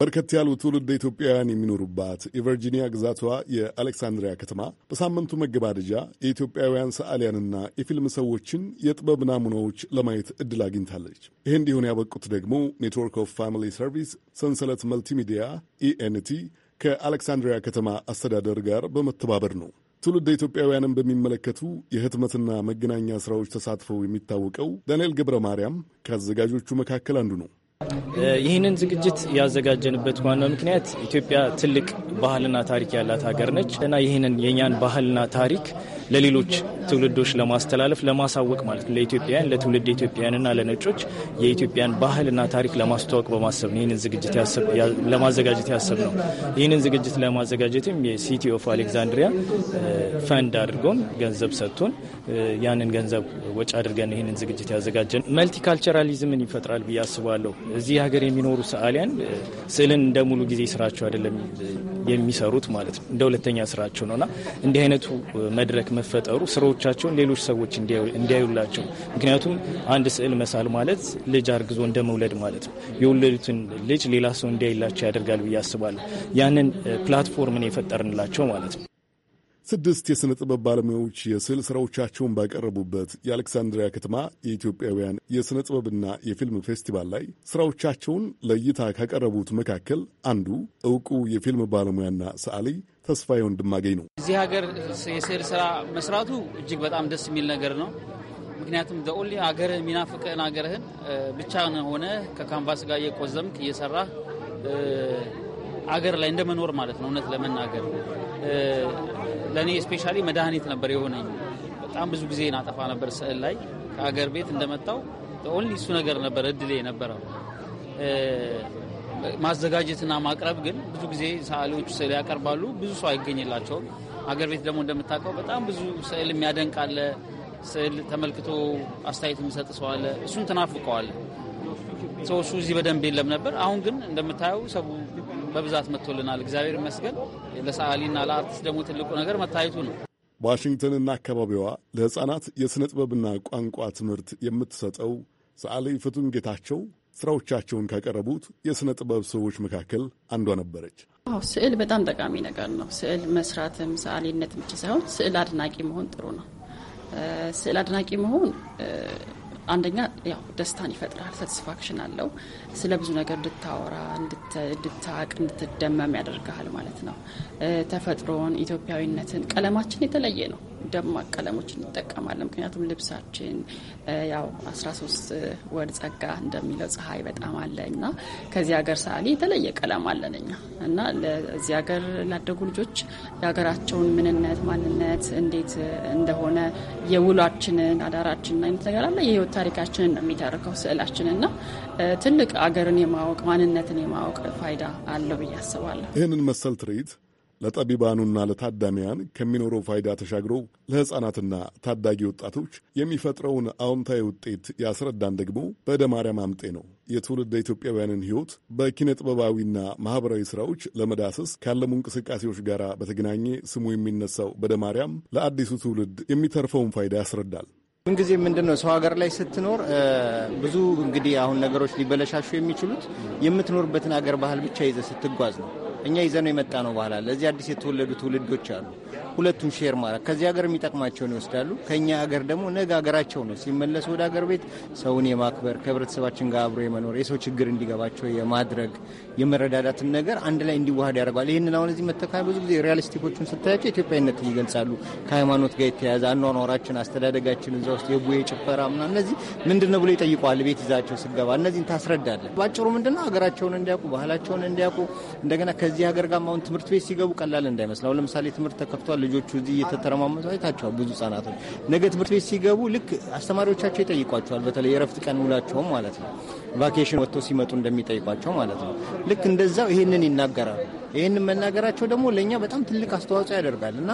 በርከት ያሉ ትውልድ ኢትዮጵያውያን የሚኖሩባት የቨርጂኒያ ግዛቷ የአሌክሳንድሪያ ከተማ በሳምንቱ መገባደጃ የኢትዮጵያውያን ሰዓሊያንና የፊልም ሰዎችን የጥበብ ናሙናዎች ለማየት እድል አግኝታለች። ይህ እንዲሆን ያበቁት ደግሞ ኔትወርክ ኦፍ ፋሚሊ ሰርቪስ፣ ሰንሰለት መልቲሚዲያ ኢኤንቲ ከአሌክሳንድሪያ ከተማ አስተዳደር ጋር በመተባበር ነው። ትውልድ ኢትዮጵያውያንን በሚመለከቱ የህትመትና መገናኛ ስራዎች ተሳትፈው የሚታወቀው ዳንኤል ገብረ ማርያም ከአዘጋጆቹ መካከል አንዱ ነው። ይህንን ዝግጅት ያዘጋጀንበት ዋናው ምክንያት ኢትዮጵያ ትልቅ ባህልና ታሪክ ያላት ሀገር ነች እና ይህንን የእኛን ባህልና ታሪክ ለሌሎች ትውልዶች ለማስተላለፍ ለማሳወቅ ማለት ነው። ለኢትዮጵያውያን ለትውልድ ኢትዮጵያውያንና ለነጮች የኢትዮጵያን ባህልና ታሪክ ለማስተዋወቅ በማሰብ ነው ይህንን ዝግጅት ለማዘጋጀት ያሰብ ነው። ይህንን ዝግጅት ለማዘጋጀትም የሲቲ ኦፍ አሌክዛንድሪያ ፈንድ አድርጎን ገንዘብ ሰጥቶን ያንን ገንዘብ ወጪ አድርገን ይህንን ዝግጅት ያዘጋጀን መልቲካልቸራሊዝምን ይፈጥራል ብዬ አስባለሁ። እዚህ ሀገር የሚኖሩ ሰዓሊያን ስዕልን እንደ ሙሉ ጊዜ ስራቸው አይደለም የሚሰሩት ማለት ነው። እንደ ሁለተኛ ስራቸው ነውና እንዲህ አይነቱ መድረክ መፈጠሩ ስራዎቻቸውን ሌሎች ሰዎች እንዲያዩላቸው። ምክንያቱም አንድ ስዕል መሳል ማለት ልጅ አርግዞ እንደ መውለድ ማለት ነው። የወለዱትን ልጅ ሌላ ሰው እንዲያይላቸው ያደርጋል ብዬ አስባለሁ። ያንን ፕላትፎርምን የፈጠርንላቸው ማለት ነው። ስድስት የሥነ ጥበብ ባለሙያዎች የስዕል ሥራዎቻቸውን ባቀረቡበት የአሌክሳንድሪያ ከተማ የኢትዮጵያውያን የሥነ ጥበብና የፊልም ፌስቲቫል ላይ ሥራዎቻቸውን ለእይታ ካቀረቡት መካከል አንዱ ዕውቁ የፊልም ባለሙያና ሰዓሊ ተስፋዬ ወንድማገኝ ነው። እዚህ ሀገር የስዕል ስራ መስራቱ እጅግ በጣም ደስ የሚል ነገር ነው። ምክንያቱም በኦንሊ ሀገር የሚናፍቅህን ሀገርህን ብቻ ሆነ ከካንቫስ ጋር እየቆዘምክ እየሰራ አገር ላይ እንደመኖር ማለት ነው። እውነት ለመናገር ለእኔ ስፔሻሊ መድኃኒት ነበር የሆነኝ። በጣም ብዙ ጊዜ ናጠፋ ነበር ስዕል ላይ ከአገር ቤት እንደመጣው ኦንሊ እሱ ነገር ነበር እድሌ ነበረው። ማዘጋጀትና ማቅረብ ግን ብዙ ጊዜ ሰዓሊዎች ስዕል ያቀርባሉ፣ ብዙ ሰው አይገኝላቸውም። አገር ቤት ደግሞ እንደምታውቀው በጣም ብዙ ስዕል የሚያደንቃለ፣ ስዕል ተመልክቶ አስተያየት የሚሰጥ ሰው አለ። እሱን ትናፍቀዋለ። ሰው እሱ እዚህ በደንብ የለም ነበር። አሁን ግን እንደምታየው ሰው በብዛት መጥቶልናል። እግዚአብሔር ይመስገን። ለሰዓሊና ለአርቲስት ደግሞ ትልቁ ነገር መታየቱ ነው። ዋሽንግተንና አካባቢዋ ለሕፃናት የሥነ ጥበብና ቋንቋ ትምህርት የምትሰጠው ሰዓሊ ፍቱን ጌታቸው ስራዎቻቸውን ካቀረቡት የሥነ ጥበብ ሰዎች መካከል አንዷ ነበረች። አዎ ስዕል በጣም ጠቃሚ ነገር ነው። ስዕል መስራትም ሰዓሊነት ብቻ ሳይሆን ስዕል አድናቂ መሆን ጥሩ ነው። ስዕል አድናቂ መሆን አንደኛ ያው ደስታን ይፈጥራል፣ ሳቲስፋክሽን አለው። ስለ ብዙ ነገር እንድታወራ፣ እንድታቅ፣ እንድትደመም ያደርግሃል ማለት ነው። ተፈጥሮን፣ ኢትዮጵያዊነትን ቀለማችን የተለየ ነው። ደማቅ ቀለሞች እንጠቀማለን። ምክንያቱም ልብሳችን ያው 13 ወር ጸጋ እንደሚለው ፀሐይ በጣም አለ እና ከዚህ ሀገር ሳሊ የተለየ ቀለም አለን እኛ እና ለዚህ ሀገር ላደጉ ልጆች የሀገራቸውን ምንነት፣ ማንነት እንዴት እንደሆነ የውሏችንን አዳራችንን አይነት ነገር አለ የህይወት ታሪካችንን ነው የሚተርከው ስዕላችን እና ትልቅ አገርን የማወቅ ማንነትን የማወቅ ፋይዳ አለው ብዬ አስባለሁ። ይህንን መሰል ትርኢት ለጠቢባኑና ለታዳሚያን ከሚኖረው ፋይዳ ተሻግሮ ለሕፃናትና ታዳጊ ወጣቶች የሚፈጥረውን አዎንታዊ ውጤት ያስረዳን ደግሞ በዕደ ማርያም አምጤ ነው። የትውልድ ኢትዮጵያውያንን ሕይወት በኪነ ጥበባዊና ማኅበራዊ ሥራዎች ለመዳሰስ ካለሙ እንቅስቃሴዎች ጋር በተገናኘ ስሙ የሚነሳው በዕደ ማርያም ለአዲሱ ትውልድ የሚተርፈውን ፋይዳ ያስረዳል። ምንጊዜ ምንድን ነው ሰው ሀገር ላይ ስትኖር ብዙ እንግዲህ አሁን ነገሮች ሊበለሻሹ የሚችሉት የምትኖርበትን ሀገር ባህል ብቻ ይዘ ስትጓዝ ነው። እኛ ይዘነው የመጣ ነው ባህል አለ። እዚህ አዲስ የተወለዱ ትውልዶች አሉ። ሁለቱን ሼር ማለት ከዚህ ሀገር የሚጠቅማቸውን ይወስዳሉ። ከእኛ ሀገር ደግሞ ነገ ሀገራቸው ነው ሲመለሱ ወደ ሀገር ቤት ሰውን የማክበር ከህብረተሰባችን ጋር አብሮ የመኖር የሰው ችግር እንዲገባቸው የማድረግ የመረዳዳትን ነገር አንድ ላይ እንዲዋሃድ ያደርገዋል። ይህንን አሁን እዚህ መተካ ብዙ ጊዜ ሪያሊስቲኮቹን ስታያቸው ኢትዮጵያዊነትን ይገልጻሉ። ከሃይማኖት ጋር የተያያዘ አኗኗራችን፣ አስተዳደጋችን እዛ ውስጥ የቡሄ ጭፈራ ምና እነዚህ ምንድነው ብሎ ይጠይቀዋል። ቤት ይዛቸው ስገባ እነዚህን ታስረዳለን። ባጭሩ ምንድነው ሀገራቸውን እንዲያውቁ ባህላቸውን እንዲያውቁ እንደገና ከዚህ ሀገር ጋር አሁን ትምህርት ቤት ሲገቡ ቀላል እንዳይመስል ለምሳሌ ትምህርት ተከፍቷል። ልጆቹ እዚህ እየተተረማመሱ አይታቸዋል። ብዙ ህጻናቶች ነገ ትምህርት ቤት ሲገቡ ልክ አስተማሪዎቻቸው ይጠይቋቸዋል። በተለይ የረፍት ቀን ሙላቸውም ማለት ነው ቫኬሽን ወጥቶ ሲመጡ እንደሚጠይቋቸው ማለት ነው። ልክ እንደዛው ይህንን ይናገራሉ። ይህንን መናገራቸው ደግሞ ለእኛ በጣም ትልቅ አስተዋጽኦ ያደርጋል እና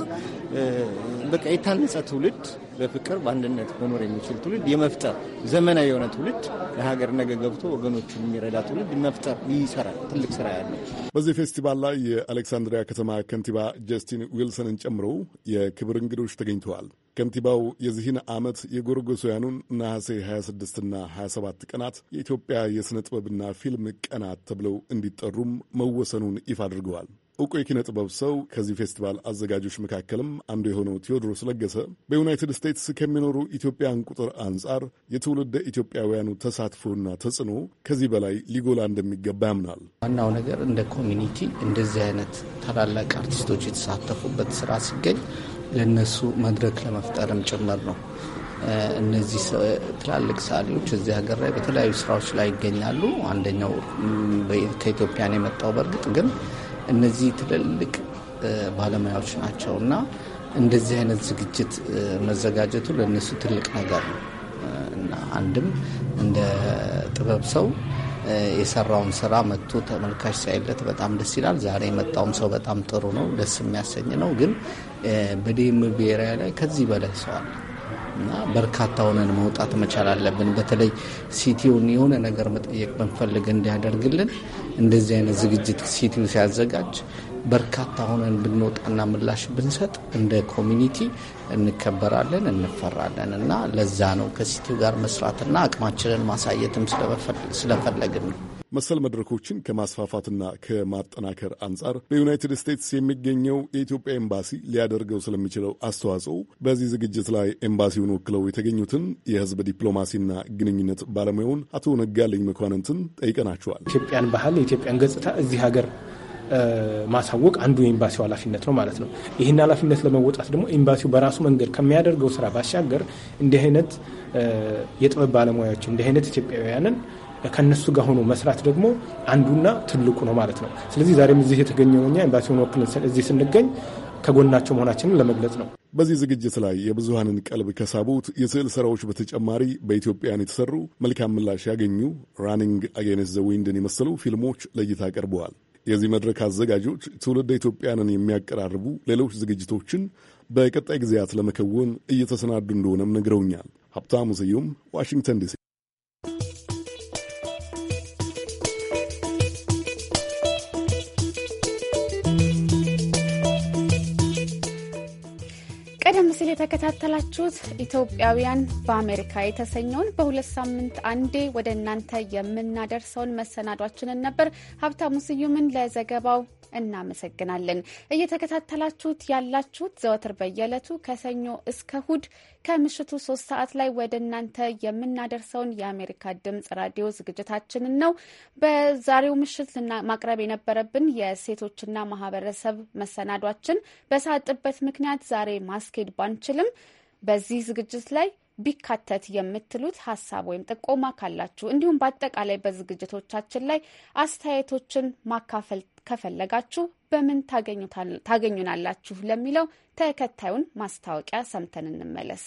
በቃ የታነጸ ትውልድ በፍቅር በአንድነት መኖር የሚችል ትውልድ የመፍጠር ዘመናዊ የሆነ ትውልድ ለሀገር ነገ ገብቶ ወገኖቹን የሚረዳ ትውልድ መፍጠር ይሰራል። ትልቅ ስራ ያለው በዚህ ፌስቲቫል ላይ የአሌክሳንድሪያ ከተማ ከንቲባ ጀስቲን ዊልሰንን ጨምሮ የክብር እንግዶች ተገኝተዋል። ከንቲባው የዚህን ዓመት የጎርጎሳውያኑን ነሐሴ 26ና 27 ቀናት የኢትዮጵያ የሥነ ጥበብና ፊልም ቀናት ተብለው እንዲጠሩም መወሰኑን ይፋ አድርገዋል። እውቁ የኪነ ጥበብ ሰው ከዚህ ፌስቲቫል አዘጋጆች መካከልም አንዱ የሆነው ቴዎድሮስ ለገሰ በዩናይትድ ስቴትስ ከሚኖሩ ኢትዮጵያን ቁጥር አንጻር የትውልደ ኢትዮጵያውያኑ ተሳትፎና ተጽዕኖ ከዚህ በላይ ሊጎላ እንደሚገባ ያምናል። ዋናው ነገር እንደ ኮሚኒቲ እንደዚህ አይነት ታላላቅ አርቲስቶች የተሳተፉበት ስራ ሲገኝ ለነሱ መድረክ ለመፍጠርም ጭምር ነው። እነዚህ ትላልቅ ሰዓሊዎች እዚህ ሀገር ላይ በተለያዩ ስራዎች ላይ ይገኛሉ። አንደኛው ከኢትዮጵያን የመጣው በእርግጥ ግን እነዚህ ትልልቅ ባለሙያዎች ናቸው እና እንደዚህ አይነት ዝግጅት መዘጋጀቱ ለእነሱ ትልቅ ነገር ነው እና አንድም እንደ ጥበብ ሰው የሰራውን ስራ መጥቶ ተመልካች ሲያይለት በጣም ደስ ይላል። ዛሬ የመጣውም ሰው በጣም ጥሩ ነው፣ ደስ የሚያሰኝ ነው። ግን በደም ብሔራዊ ላይ ከዚህ በላይ ሰው አለ እና በርካታ ሆነን መውጣት መቻል አለብን። በተለይ ሲቲውን የሆነ ነገር መጠየቅ ብንፈልግ እንዲያደርግልን እንደዚህ አይነት ዝግጅት ሲቲው ሲያዘጋጅ በርካታ ሆነን ብንወጣና ምላሽ ብንሰጥ እንደ ኮሚኒቲ እንከበራለን፣ እንፈራለን እና ለዛ ነው ከሲቲው ጋር መስራትና አቅማችንን ማሳየትም ስለፈለግን ነው። መሰል መድረኮችን ከማስፋፋትና ከማጠናከር አንጻር በዩናይትድ ስቴትስ የሚገኘው የኢትዮጵያ ኤምባሲ ሊያደርገው ስለሚችለው አስተዋጽኦ በዚህ ዝግጅት ላይ ኤምባሲውን ወክለው የተገኙትን የሕዝብ ዲፕሎማሲና ግንኙነት ባለሙያውን አቶ ነጋልኝ መኳንንትን ጠይቀናቸዋል። ኢትዮጵያን ባህል፣ የኢትዮጵያን ገጽታ እዚህ ሀገር ማሳወቅ አንዱ የኤምባሲው ኃላፊነት ነው ማለት ነው። ይህን ኃላፊነት ለመወጣት ደግሞ ኤምባሲው በራሱ መንገድ ከሚያደርገው ስራ ባሻገር እንዲህ አይነት የጥበብ ባለሙያዎች እንዲህ አይነት ኢትዮጵያውያንን ከነሱ ጋር ሆኖ መስራት ደግሞ አንዱና ትልቁ ነው ማለት ነው። ስለዚህ ዛሬም እዚህ የተገኘው እኛ ኤምባሲውን ወክለን እዚህ ስንገኝ ከጎናቸው መሆናችንን ለመግለጽ ነው። በዚህ ዝግጅት ላይ የብዙሃንን ቀልብ ከሳቡት የስዕል ስራዎች በተጨማሪ በኢትዮጵያን የተሰሩ መልካም ምላሽ ያገኙ ራኒንግ አጌንስት ዘ ዊንድን የመሰሉ ፊልሞች ለእይታ ቀርበዋል። የዚህ መድረክ አዘጋጆች ትውልደ ኢትዮጵያንን የሚያቀራርቡ ሌሎች ዝግጅቶችን በቀጣይ ጊዜያት ለመከወን እየተሰናዱ እንደሆነም ነግረውኛል። ሀብታሙ ስዩም ዋሽንግተን ዲሲ የተከታተላችሁት ኢትዮጵያውያን በአሜሪካ የተሰኘውን በሁለት ሳምንት አንዴ ወደ እናንተ የምናደርሰውን መሰናዷችንን ነበር። ሀብታሙ ስዩምን ለዘገባው እናመሰግናለን። እየተከታተላችሁት ያላችሁት ዘወትር በየዕለቱ ከሰኞ እስከ እሁድ ከምሽቱ ሶስት ሰዓት ላይ ወደ እናንተ የምናደርሰውን የአሜሪካ ድምጽ ራዲዮ ዝግጅታችንን ነው። በዛሬው ምሽት ማቅረብ የነበረብን የሴቶችና ማህበረሰብ መሰናዷችን በሳጥበት ምክንያት ዛሬ ማስኬድ ባንች አንችልም በዚህ ዝግጅት ላይ ቢካተት የምትሉት ሀሳብ ወይም ጥቆማ ካላችሁ እንዲሁም በአጠቃላይ በዝግጅቶቻችን ላይ አስተያየቶችን ማካፈል ከፈለጋችሁ በምን ታገኙናላችሁ ለሚለው ተከታዩን ማስታወቂያ ሰምተን እንመለስ።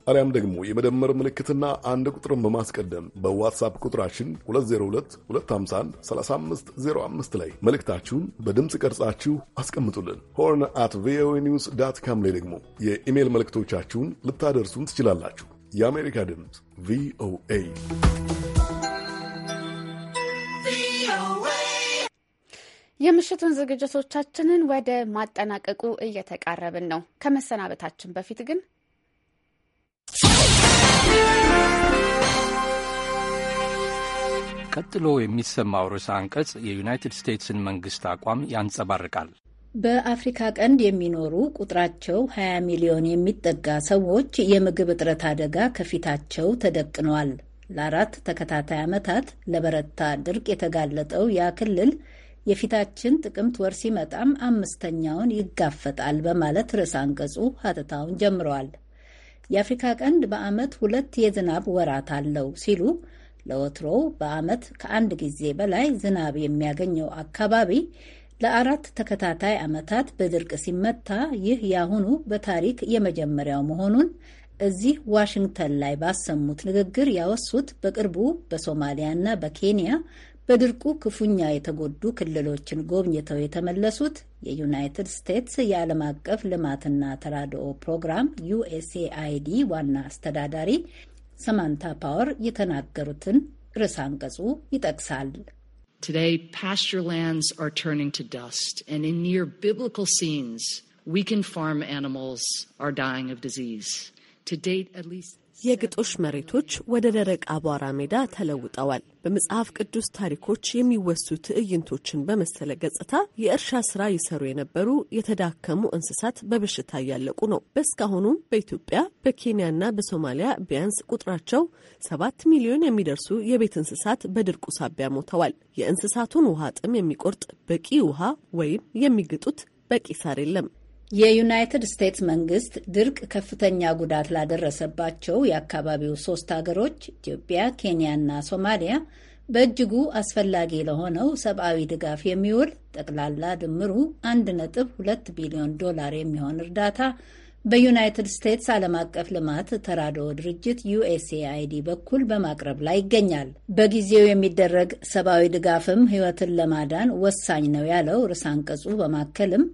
ታዲያም ደግሞ የመደመር ምልክትና አንድ ቁጥርን በማስቀደም በዋትሳፕ ቁጥራችን 2022513505 ላይ መልእክታችሁን በድምፅ ቀርጻችሁ አስቀምጡልን። ሆርን አት ቪኦኤ ኒውስ ዳት ካም ላይ ደግሞ የኢሜይል መልእክቶቻችሁን ልታደርሱን ትችላላችሁ። የአሜሪካ ድምፅ ቪኦኤ የምሽቱን ዝግጅቶቻችንን ወደ ማጠናቀቁ እየተቃረብን ነው። ከመሰናበታችን በፊት ግን ቀጥሎ የሚሰማው ርዕሰ አንቀጽ የዩናይትድ ስቴትስን መንግስት አቋም ያንጸባርቃል። በአፍሪካ ቀንድ የሚኖሩ ቁጥራቸው 20 ሚሊዮን የሚጠጋ ሰዎች የምግብ እጥረት አደጋ ከፊታቸው ተደቅኗል። ለአራት ተከታታይ ዓመታት ለበረታ ድርቅ የተጋለጠው ያ ክልል የፊታችን ጥቅምት ወር ሲመጣም አምስተኛውን ይጋፈጣል በማለት ርዕሰ አንቀጹ ሀተታውን ጀምረዋል። የአፍሪካ ቀንድ በዓመት ሁለት የዝናብ ወራት አለው ሲሉ ለወትሮው በዓመት ከአንድ ጊዜ በላይ ዝናብ የሚያገኘው አካባቢ ለአራት ተከታታይ ዓመታት በድርቅ ሲመታ ይህ ያሁኑ በታሪክ የመጀመሪያው መሆኑን እዚህ ዋሽንግተን ላይ ባሰሙት ንግግር ያወሱት በቅርቡ በሶማሊያና በኬንያ በድርቁ ክፉኛ የተጎዱ ክልሎችን ጎብኝተው የተመለሱት የዩናይትድ ስቴትስ የዓለም አቀፍ ልማትና ተራድኦ ፕሮግራም ዩኤስኤአይዲ ዋና አስተዳዳሪ ሰማንታ ፓወር የተናገሩትን አንቀጹ ይጠቅሳል። Today, pasture lands are turning to dust, and in near biblical scenes, weakened farm animals are dying of disease. To date, at least የግጦሽ መሬቶች ወደ ደረቅ አቧራ ሜዳ ተለውጠዋል። በመጽሐፍ ቅዱስ ታሪኮች የሚወሱ ትዕይንቶችን በመሰለ ገጽታ የእርሻ ስራ ይሰሩ የነበሩ የተዳከሙ እንስሳት በበሽታ እያለቁ ነው። በእስካሁኑም በኢትዮጵያ በኬንያና በሶማሊያ ቢያንስ ቁጥራቸው ሰባት ሚሊዮን የሚደርሱ የቤት እንስሳት በድርቁ ሳቢያ ሞተዋል። የእንስሳቱን ውሃ ጥም የሚቆርጥ በቂ ውሃ ወይም የሚግጡት በቂ ሳር የለም። የዩናይትድ ስቴትስ መንግስት ድርቅ ከፍተኛ ጉዳት ላደረሰባቸው የአካባቢው ሶስት ሀገሮች ኢትዮጵያ፣ ኬንያና ሶማሊያ በእጅጉ አስፈላጊ ለሆነው ሰብአዊ ድጋፍ የሚውል ጠቅላላ ድምሩ 1.2 ቢሊዮን ዶላር የሚሆን እርዳታ በዩናይትድ ስቴትስ ዓለም አቀፍ ልማት ተራድኦ ድርጅት ዩኤስኤአይዲ በኩል በማቅረብ ላይ ይገኛል። በጊዜው የሚደረግ ሰብአዊ ድጋፍም ሕይወትን ለማዳን ወሳኝ ነው ያለው ርዕሰ አንቀጹ በማከልም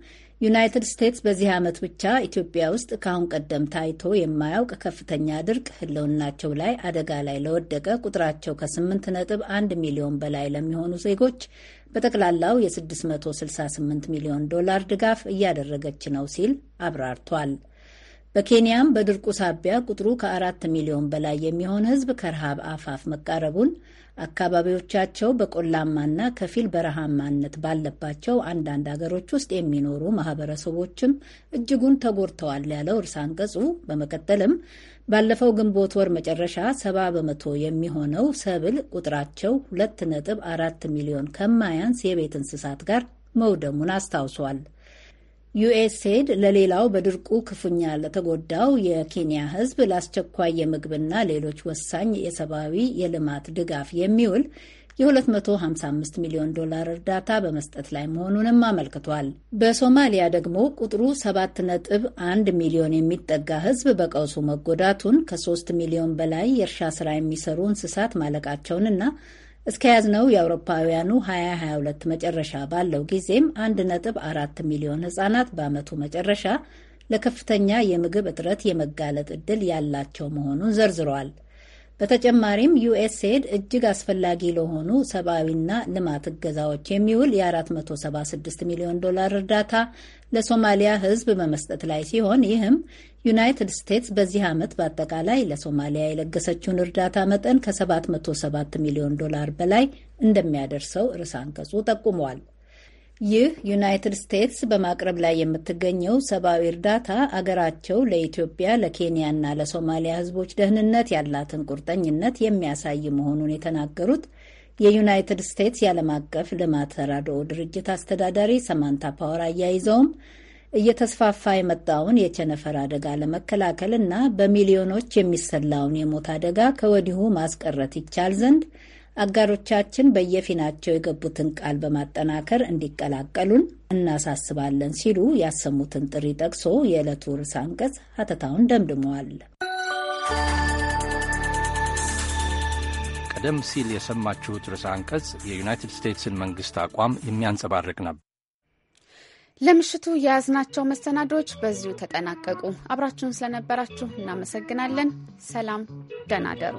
ዩናይትድ ስቴትስ በዚህ ዓመት ብቻ ኢትዮጵያ ውስጥ ከአሁን ቀደም ታይቶ የማያውቅ ከፍተኛ ድርቅ ሕልውናቸው ላይ አደጋ ላይ ለወደቀ ቁጥራቸው ከ8 ነጥብ 1 ሚሊዮን በላይ ለሚሆኑ ዜጎች በጠቅላላው የ668 ሚሊዮን ዶላር ድጋፍ እያደረገች ነው ሲል አብራርቷል። በኬንያም በድርቁ ሳቢያ ቁጥሩ ከአራት ሚሊዮን በላይ የሚሆን ሕዝብ ከረሃብ አፋፍ መቃረቡን አካባቢዎቻቸው በቆላማና ከፊል በረሃማነት ባለባቸው አንዳንድ ሀገሮች ውስጥ የሚኖሩ ማህበረሰቦችም እጅጉን ተጎድተዋል ያለው እርሳ አንቀጹ በመቀጠልም ባለፈው ግንቦት ወር መጨረሻ ሰባ በመቶ የሚሆነው ሰብል ቁጥራቸው ሁለት ነጥብ አራት ሚሊዮን ከማያንስ የቤት እንስሳት ጋር መውደሙን አስታውሷል። ዩኤስኤድ ለሌላው በድርቁ ክፉኛ ለተጎዳው የኬንያ ሕዝብ ለአስቸኳይ የምግብና ሌሎች ወሳኝ የሰብአዊ የልማት ድጋፍ የሚውል የ255 ሚሊዮን ዶላር እርዳታ በመስጠት ላይ መሆኑንም አመልክቷል። በሶማሊያ ደግሞ ቁጥሩ 7.1 ሚሊዮን የሚጠጋ ህዝብ በቀውሱ መጎዳቱን ከ3 ሚሊዮን በላይ የእርሻ ስራ የሚሰሩ እንስሳት ማለቃቸውንና እስከያዝነው የአውሮፓውያኑ 2022 መጨረሻ ባለው ጊዜም 1.4 ሚሊዮን ህጻናት በዓመቱ መጨረሻ ለከፍተኛ የምግብ እጥረት የመጋለጥ ዕድል ያላቸው መሆኑን ዘርዝረዋል። በተጨማሪም ዩኤስኤድ እጅግ አስፈላጊ ለሆኑ ሰብአዊና ልማት እገዛዎች የሚውል የ476 ሚሊዮን ዶላር እርዳታ ለሶማሊያ ሕዝብ በመስጠት ላይ ሲሆን ይህም ዩናይትድ ስቴትስ በዚህ ዓመት በአጠቃላይ ለሶማሊያ የለገሰችውን እርዳታ መጠን ከ707 ሚሊዮን ዶላር በላይ እንደሚያደርሰው ርዕሰ አንቀጹ ጠቁመዋል። ይህ ዩናይትድ ስቴትስ በማቅረብ ላይ የምትገኘው ሰብአዊ እርዳታ አገራቸው ለኢትዮጵያ ለኬንያና ለሶማሊያ ህዝቦች ደህንነት ያላትን ቁርጠኝነት የሚያሳይ መሆኑን የተናገሩት የዩናይትድ ስቴትስ የዓለም አቀፍ ልማት ተራድኦ ድርጅት አስተዳዳሪ ሰማንታ ፓወር አያይዘውም እየተስፋፋ የመጣውን የቸነፈር አደጋ ለመከላከል እና በሚሊዮኖች የሚሰላውን የሞት አደጋ ከወዲሁ ማስቀረት ይቻል ዘንድ አጋሮቻችን በየፊናቸው የገቡትን ቃል በማጠናከር እንዲቀላቀሉን እናሳስባለን ሲሉ ያሰሙትን ጥሪ ጠቅሶ የዕለቱ ርዕሰ አንቀጽ ሀተታውን ደምድመዋል። ቀደም ሲል የሰማችሁት ርዕሰ አንቀጽ የዩናይትድ ስቴትስን መንግሥት አቋም የሚያንጸባርቅ ነበር። ለምሽቱ የያዝናቸው መሰናዶዎች በዚሁ ተጠናቀቁ። አብራችሁን ስለነበራችሁ እናመሰግናለን። ሰላም፣ ደህና ደሩ።